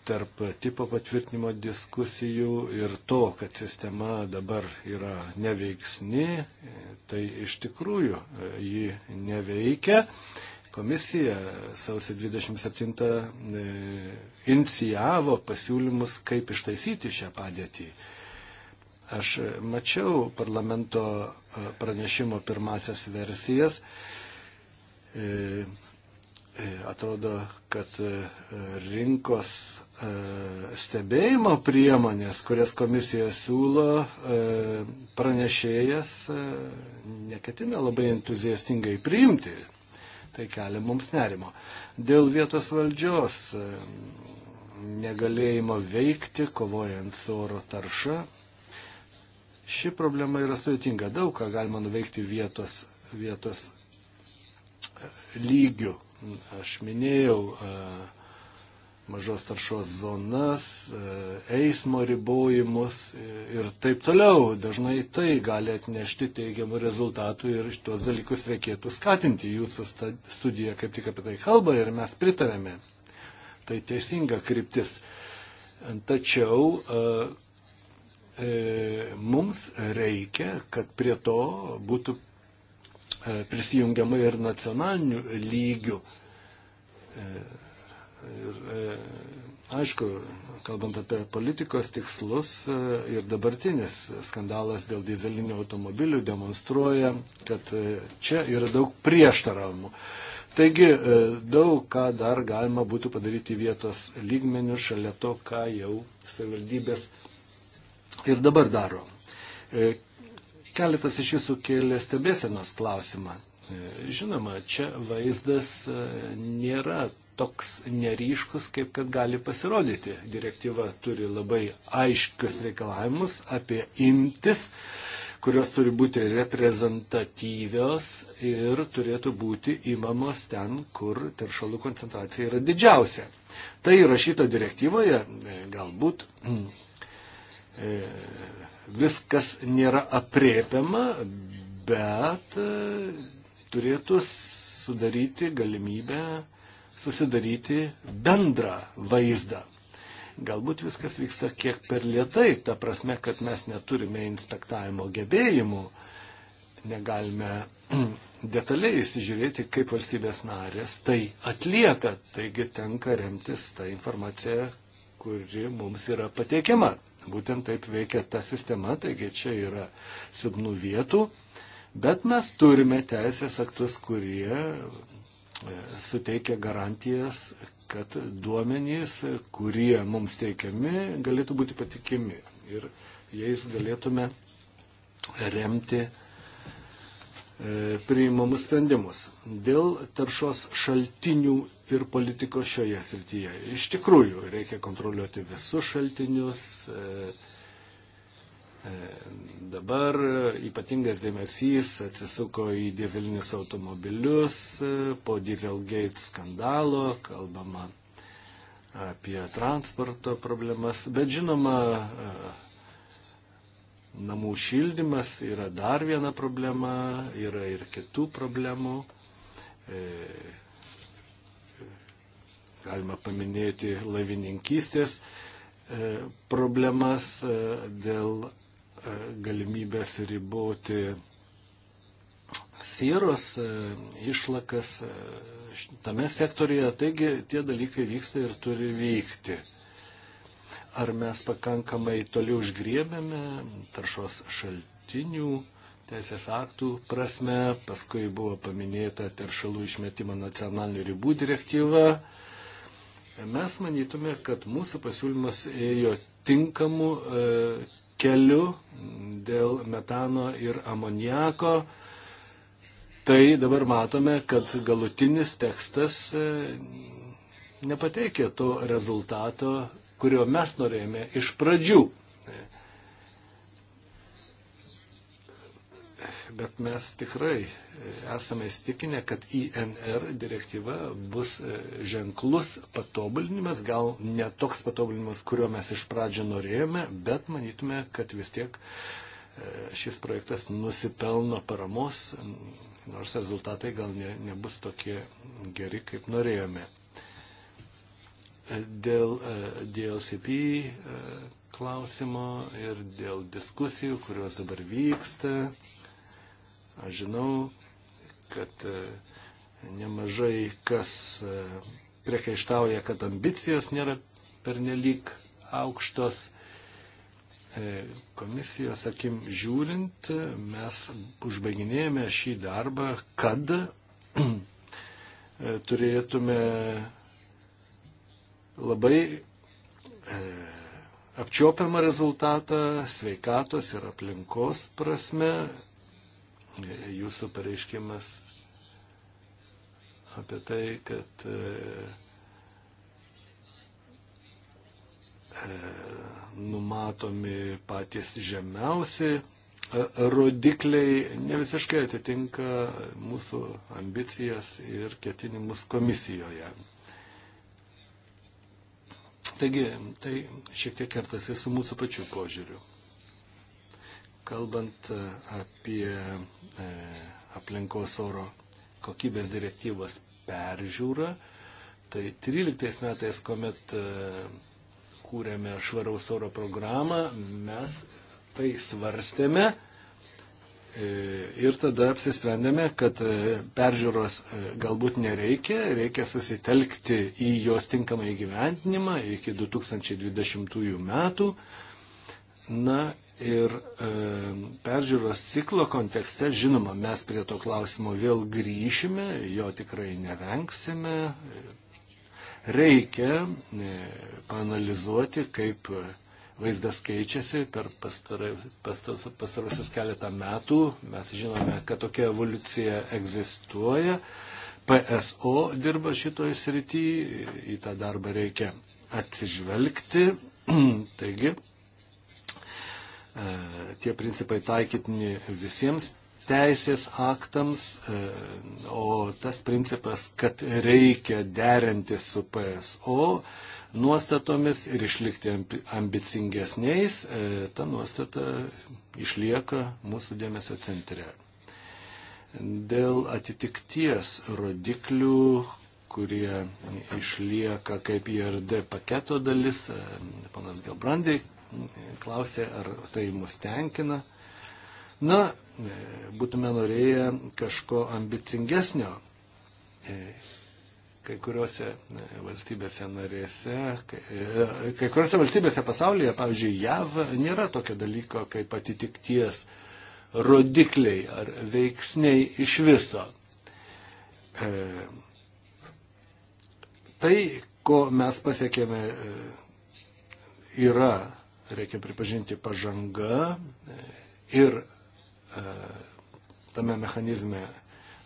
tarp tipo patvirtinimo diskusijų ir to, kad sistema dabar yra neveiksni, tai iš tikrųjų e, ji neveikia. Komisija sausio 27 e, inicijavo pasiūlymus, kaip ištaisyti šią padėtį. Aš mačiau parlamento e, pranešimo pirmasias versijas atrodo, kad rinkos E, stebėjimo priemonės, kurias komisija siūlo, e, pranešėjas e, neketina labai entuziastingai priimti. Tai kelia mums nerimo. Dėl vietos valdžios negalėjimo veikti, kovojant su oro tarša, ši problema yra sudėtinga. Daug ką galima nuveikti vietos, vietos lygių. Aš minėjau, uh, mažos taršos zonas, e, eismo ribojimus e, ir taip toliau. Dažnai tai gali atnešti teigiamų rezultatų ir tuos dalykus reikėtų skatinti. Jūsų studija kaip tik apie tai kalba ir mes pritarėme. Tai teisinga kryptis. Tačiau e, mums reikia, kad prie to būtų prisijungiama ir nacionalinių lygių Ir e, aišku, kalbant apie politikos tikslus e, ir dabartinis skandalas dėl dizelinių automobilių demonstruoja, kad e, čia yra daug prieštaravimų. Taigi daug ką dar galima būtų padaryti vietos lygmenių šalia to, ką jau savivaldybės ir dabar daro. Keletas iš jūsų kėlė stebėsenos klausimą. Žinoma, čia vaizdas nėra toks neryškus, kaip kad gali pasirodyti. Direktyva turi labai aiškius reikalavimus apie imtis, kurios turi būti reprezentatyvios ir turėtų būti imamos ten, kur teršalų koncentracija yra didžiausia. Tai įrašyta direktyvoje, e, galbūt e, viskas nėra apriepiama, bet e, turėtų sudaryti galimybę susidaryti bendrą vaizdą. Galbūt viskas vyksta kiek per lietai, ta prasme, kad mes neturime inspektavimo gebėjimų, negalime <clears throat> detaliai įsižiūrėti, kaip valstybės narės tai atlieka, taigi tenka remtis tą informaciją, kuri mums yra pateikiama. Būtent taip veikia ta sistema, taigi čia yra silpnų vietų, bet mes turime teisės aktus, kurie suteikia garantijas, kad duomenys, kurie mums teikiami, galėtų būti patikimi ir jais galėtume remti e, priimamus sprendimus dėl taršos šaltinių ir politikos šioje srityje. Iš tikrųjų, reikia kontroliuoti visus šaltinius, e, E, dabar ypatingas dėmesys atsisuko į dizelinius automobilius e, po Dieselgate skandalo, kalbama apie transporto problemas, bet žinoma, e, namų šildymas yra dar viena problema, yra ir kitų problemų. Galima paminėti laivininkystės problemas dėl galimybės riboti sieros e, išlakas e, tame sektorijoje. Taigi tie dalykai vyksta ir turi vykti. Ar mes pakankamai toli užgriebėme taršos šaltinių teisės aktų prasme, paskui buvo paminėta teršalų išmetimo nacionalinių ribų direktyva. Mes manytume, kad mūsų pasiūlymas ėjo tinkamu, e, keliu dėl metano ir amoniako. Tai dabar matome, kad galutinis tekstas e, nepateikė to rezultato, kurio mes norėjome iš pradžių. bet mes tikrai esame įstikinę, kad INR direktyva bus e, ženklus patobulinimas, gal ne toks patobulinimas, kuriuo mes iš pradžio norėjome, bet manytume, kad vis tiek e, šis projektas nusipelno paramos, nors rezultatai gal ne, nebus tokie geri, kaip norėjome. E, dėl DLCP klausimo ir dėl diskusijų, kurios dabar vyksta, Aš žinau, kad e, nemažai kas e, priekaištauja, kad ambicijos nėra pernelyg aukštos. E, komisijos akim žiūrint, mes užbaiginėjame šį darbą, kad turėtume labai apčiopiamą rezultatą sveikatos ir aplinkos prasme jūsų pareiškimas apie tai, kad e, e, numatomi patys žemiausi e, rodikliai ne visiškai atitinka mūsų ambicijas ir ketinimus komisijoje. Taigi, tai šiek tiek kertasi su mūsų pačių požiūriu. Kalbant e, apie e, aplinkos oro kokybės direktyvos peržiūrą, tai 13 metais, kuomet e, kūrėme švaraus oro programą, mes tai svarstėme ir tada apsisprendėme, kad peržiūros galbūt nereikia, reikia susitelkti į jos tinkamą įgyventinimą iki 2020 metų. Na ir e, peržiūros ciklo kontekste, žinoma, mes prie to klausimo vėl grįšime, jo tikrai nevengsime. Reikia e, panalizuoti, kaip vaizdas keičiasi per pastarosius keletą metų. Mes žinome, kad tokia evoliucija egzistuoja. PSO dirba šitoje srityje, į tą darbą reikia atsižvelgti. <clears throat> Taigi, E, tie principai taikytini visiems teisės aktams, e, o tas principas, kad reikia derinti su PSO nuostatomis ir išlikti ambicingesniais, e, ta nuostata išlieka mūsų dėmesio centre. Dėl atitikties rodiklių, kurie išlieka kaip IRD paketo dalis, panas Gelbrandai klausė, ar tai mus tenkina. Na, e, būtume norėję kažko ambicingesnio. E, kai kuriuose e, valstybėse narėse, kai, kai kuriuose valstybėse pasaulyje, pavyzdžiui, JAV, nėra tokio dalyko kaip atitikties rodikliai ar veiksniai iš viso. E, tai, ko mes pasiekėme, yra reikia pripažinti pažanga ir e, tame mechanizme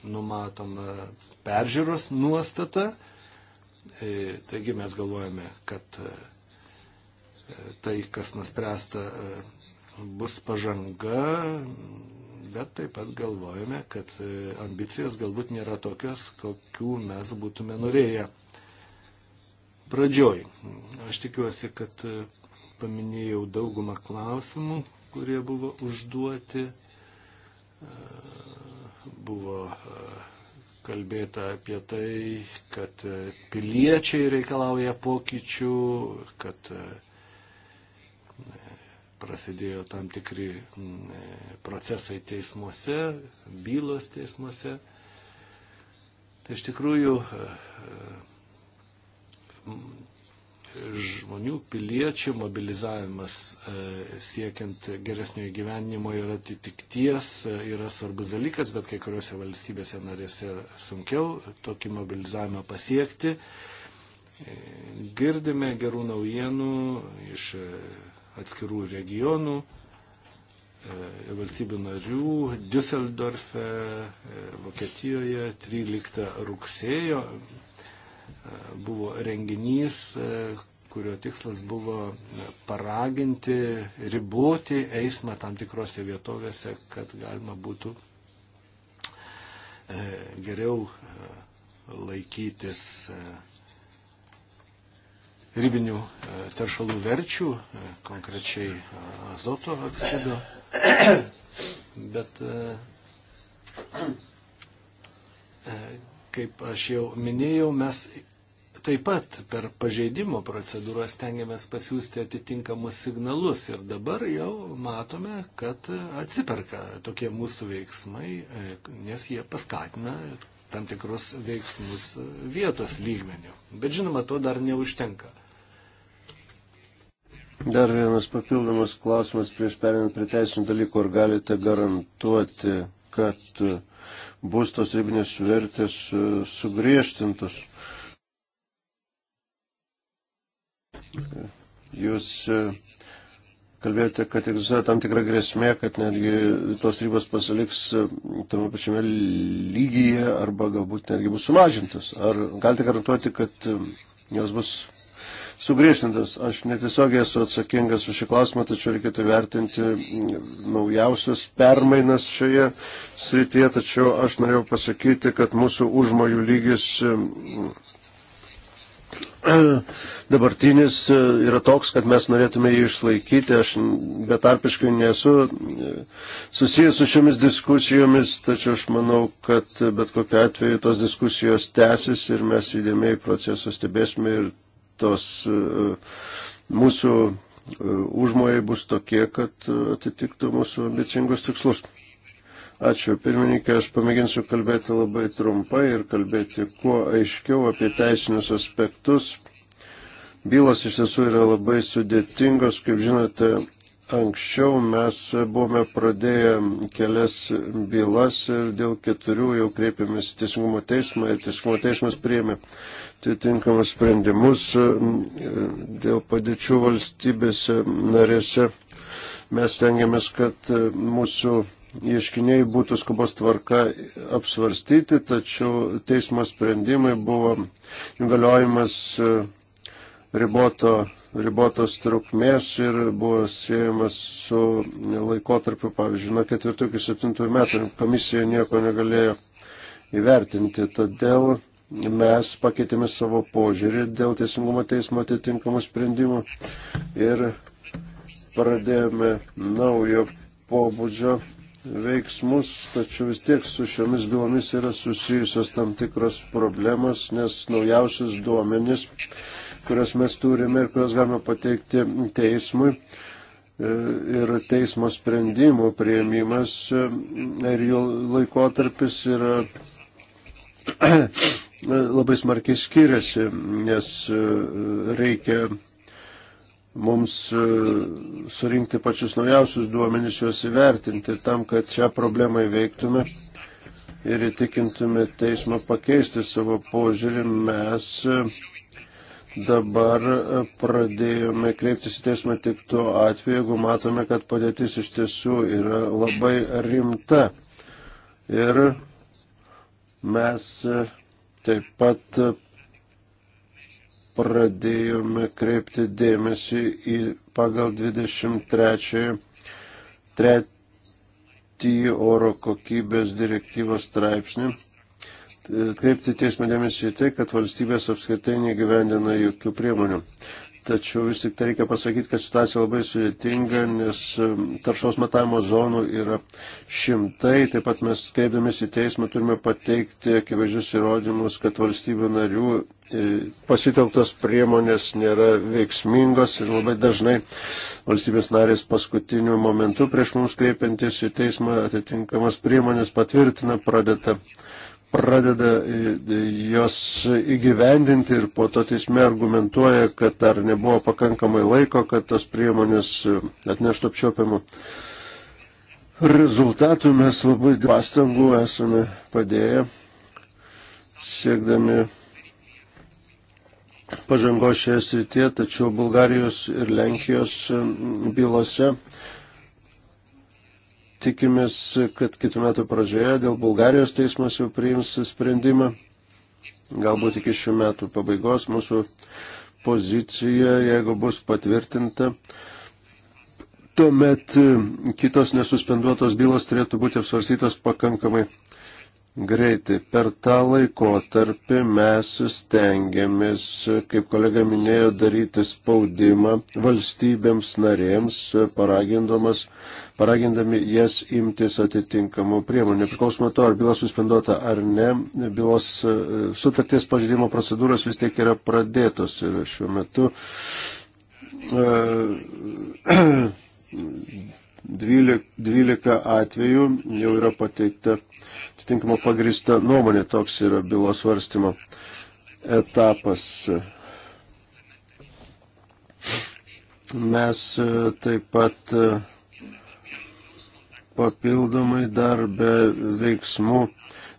numatoma peržiūros nuostata. E, taigi mes galvojame, kad e, tai, kas nuspręsta, bus pažanga, bet taip pat galvojame, kad ambicijos galbūt nėra tokios, kokių mes būtume norėję pradžioj. Aš tikiuosi, kad paminėjau daugumą klausimų, kurie buvo užduoti. Buvo e, kalbėta apie tai, kad e, piliečiai reikalauja pokyčių, kad e, prasidėjo tam tikri procesai teismuose, bylos teismuose. Tai iš tikrųjų žmonių, piliečių mobilizavimas e, siekiant geresnio įgyvenimo ir atitikties e, yra svarbus dalykas, bet kai kuriuose valstybėse narėse sunkiau tokį mobilizavimą pasiekti. E, girdime gerų naujienų iš atskirų regionų, valstybių narių Düsseldorfe, Vokietijoje 13 rugsėjo buvo renginys, e, kurio tikslas buvo paraginti, riboti eismą tam tikrose vietovėse, kad galima būtų e, geriau e, laikytis ribinių teršalų verčių, konkrečiai azoto oksido. Bet Kaip aš jau minėjau, mes taip pat per pažeidimo procedūras tengiamės pasiūsti atitinkamus signalus ir dabar jau matome, kad atsiperka tokie mūsų veiksmai, e, nes jie paskatina tam tikrus veiksmus vietos lygmenių. Bet žinoma, to dar neužtenka. Dar vienas papildomas klausimas prieš perinant prie teisinių dalykų. Ar galite garantuoti, kad uh, bus tos ribinės vertės e, sugriežtintos. Jūs e, kalbėjote, kad egzistuoja tam tikra grėsmė, kad netgi tos ribos pasiliks e, tame pačiame lygyje arba galbūt netgi bus sumažintas. Ar galite garantuoti, kad jos bus sugriešintas. Aš netiesiogiai esu atsakingas už šį klausimą, tačiau reikėtų vertinti naujausias permainas šioje srityje, tačiau aš norėjau pasakyti, kad mūsų užmojų lygis <clears throat> dabartinis yra toks, kad mes norėtume jį išlaikyti. Aš betarpiškai nesu susijęs su šiomis diskusijomis, tačiau aš manau, kad bet kokiu atveju tos diskusijos tęsis ir mes įdėmiai procesą stebėsime ir tos e, mūsų e, užmojai bus tokie, kad atitiktų mūsų ambicingus tikslus. Ačiū, pirmininkė, aš pamėginsiu kalbėti labai trumpai ir kalbėti kuo aiškiau apie teisinius aspektus. Bylos iš tiesų yra labai sudėtingos, kaip žinote, Anksčiau mes buvome pradėję kelias bylas ir dėl keturių jau kreipėmės į Teisingumo teismą ir Teisingumo teismas priėmė atitinkamus sprendimus dėl padėčių valstybėse narėse. Mes tengiamės, kad e, mūsų ieškiniai būtų skubos tvarka apsvarstyti, tačiau teismo sprendimai buvo galiojimas e, riboto, ribotos trukmės ir buvo siejamas su laikotarpiu, pavyzdžiui, nuo 4 iki 7 metų komisija nieko negalėjo įvertinti. Todėl mes pakeitėme savo požiūrį dėl Teisingumo teismo atitinkamų sprendimų ir pradėjome naujo pobūdžio veiksmus, tačiau vis tiek su šiomis bylomis yra susijusios tam tikros problemos, nes naujausias duomenis kurias mes turime ir kurias galime pateikti teismui. E, ir teismo sprendimų prieimimas e, ir jų laikotarpis yra <clears throat> labai smarkiai skiriasi, nes e, reikia mums surinkti pačius naujausius duomenys, juos įvertinti tam, kad šią problemą įveiktume ir įtikintume teismą pakeisti savo požiūrį. Mes dabar e, pradėjome kreiptis į teismą tik tuo atveju, jeigu matome, kad padėtis iš tiesų yra labai rimta. Ir mes e, taip pat e, pradėjome kreipti dėmesį į pagal 23 3 oro kokybės direktyvos straipsnį atkreipti teismo dėmesį į tai, kad valstybės apskritai negyvendina jokių priemonių. Tačiau vis tik tai reikia pasakyti, kad situacija labai sudėtinga, nes um, taršos matavimo zonų yra šimtai. Taip pat mes kreipdamės į teismą turime pateikti akivaizdžius įrodymus, kad valstybių narių e, pasitelktos priemonės nėra veiksmingos ir labai dažnai valstybės narės paskutiniu momentu prieš mums kreipiantis į teismą atitinkamas priemonės patvirtina, pradeda pradeda e, jos įgyvendinti ir po to teisme argumentuoja, kad dar nebuvo pakankamai laiko, kad tas priemonės e, atneštų apčiopiamų rezultatų. Mes labai pastangų esame padėję, siekdami pažangos šioje srityje, tačiau Bulgarijos ir Lenkijos bylose Tikimės, kad kitų metų pradžioje dėl Bulgarijos teismas jau priims sprendimą. Galbūt iki šių metų pabaigos mūsų pozicija, jeigu bus patvirtinta, tuomet kitos nesuspenduotos bylos turėtų būti apsvarstytos pakankamai greitai. Per tą laikotarpį mes stengiamės, kaip kolega minėjo, daryti spaudimą valstybėms narėms, paragindami jas imtis atitinkamų priemonių. Nepriklausomai to, ar byla suspenduota ar ne, bylos e, sutarties pažydimo procedūros vis tiek yra pradėtos ir šiuo metu. Uh, <clears throat> 12 atvejų jau yra pateikta atitinkama pagrįsta nuomonė, toks yra bylos svarstymo etapas. Mes e, taip pat e, papildomai dar be veiksmų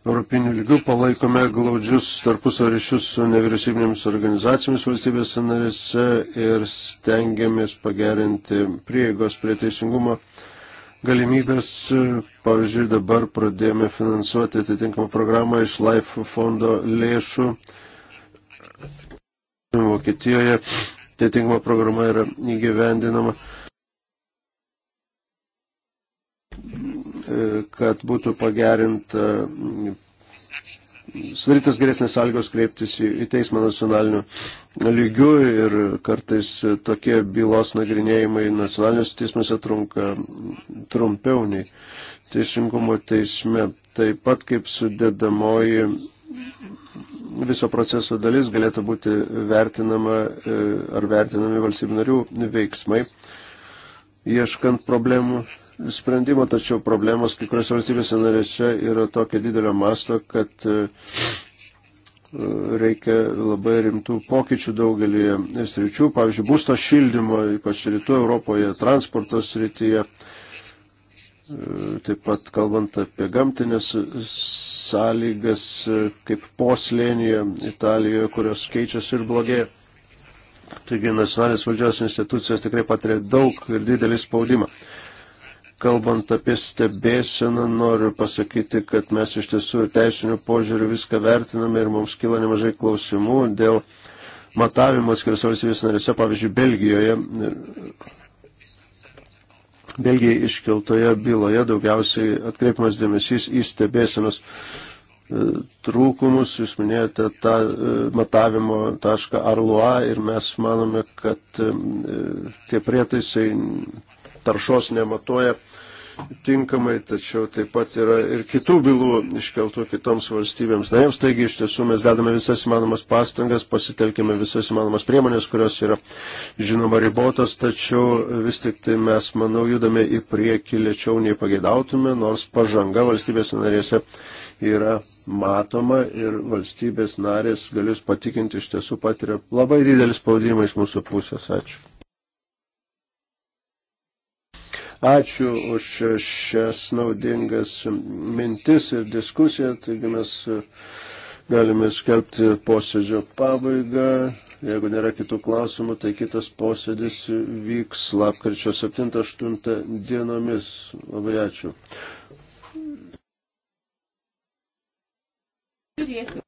Europinių lygių palaikome glaudžius tarpusavio ryšius su nevyriausybinėmis organizacijomis valstybės narėse ir stengiamės pagerinti prieigos prie teisingumo galimybės. Pavyzdžiui, dabar pradėjome finansuoti atitinkamą programą iš Life fondo lėšų. Vokietijoje atitinkama programa yra įgyvendinama kad būtų pagerinta, sudarytas geresnės sąlygos kreiptis į, į teismą nacionaliniu lygiu ir kartais tokie bylos nagrinėjimai nacionaliniuose teismuose trunka trumpiau nei teisingumo teisme. Taip pat kaip sudėdamoji viso proceso dalis galėtų būti vertinama e, ar vertinami valstybių narių veiksmai, ieškant problemų sprendimo, tačiau problemos kai kuriuose valstybėse narėse yra tokia didelio masto, kad e, reikia labai rimtų pokyčių daugelį sričių, pavyzdžiui, būsto šildymo, ypač rytų Europoje, transporto srityje, e, taip pat kalbant apie gamtinės sąlygas, e, kaip poslėnyje Italijoje, kurios keičiasi ir blogėja. Taigi nacionalinės valdžios institucijos tikrai patiria daug ir didelį spaudimą. Kalbant apie stebėseną, noriu pasakyti, kad mes iš tiesų teisinių požiūrių viską vertiname ir mums kyla nemažai klausimų dėl matavimo atskiras valstybės narėse, pavyzdžiui, Belgijoje. Belgijai iškeltoje byloje daugiausiai atkreipimas dėmesys į stebėsenos e, trūkumus, jūs minėjote tą e, matavimo tašką Arloa ir mes manome, kad e, tie prietaisai taršos nematuoja tinkamai, tačiau taip pat yra ir kitų bylų iškeltų kitoms valstybėms narėms. Taigi iš tiesų mes dedame visas įmanomas pastangas, pasitelkime visas įmanomas priemonės, kurios yra žinoma ribotos, tačiau vis tik tai mes, manau, judame į priekį lėčiau nei pageidautume, nors pažanga valstybės narėse yra matoma ir valstybės narės, galiu patikinti, iš tiesų patiria labai didelis spaudimą iš mūsų pusės. Ačiū. Ačiū už šias naudingas mintis ir diskusiją. Taigi mes e, galime skelbti posėdžio pabaigą. Jeigu nėra kitų klausimų, tai kitas posėdis vyks lapkričio 7-8 dienomis. Labai ačiū. Turėsiu.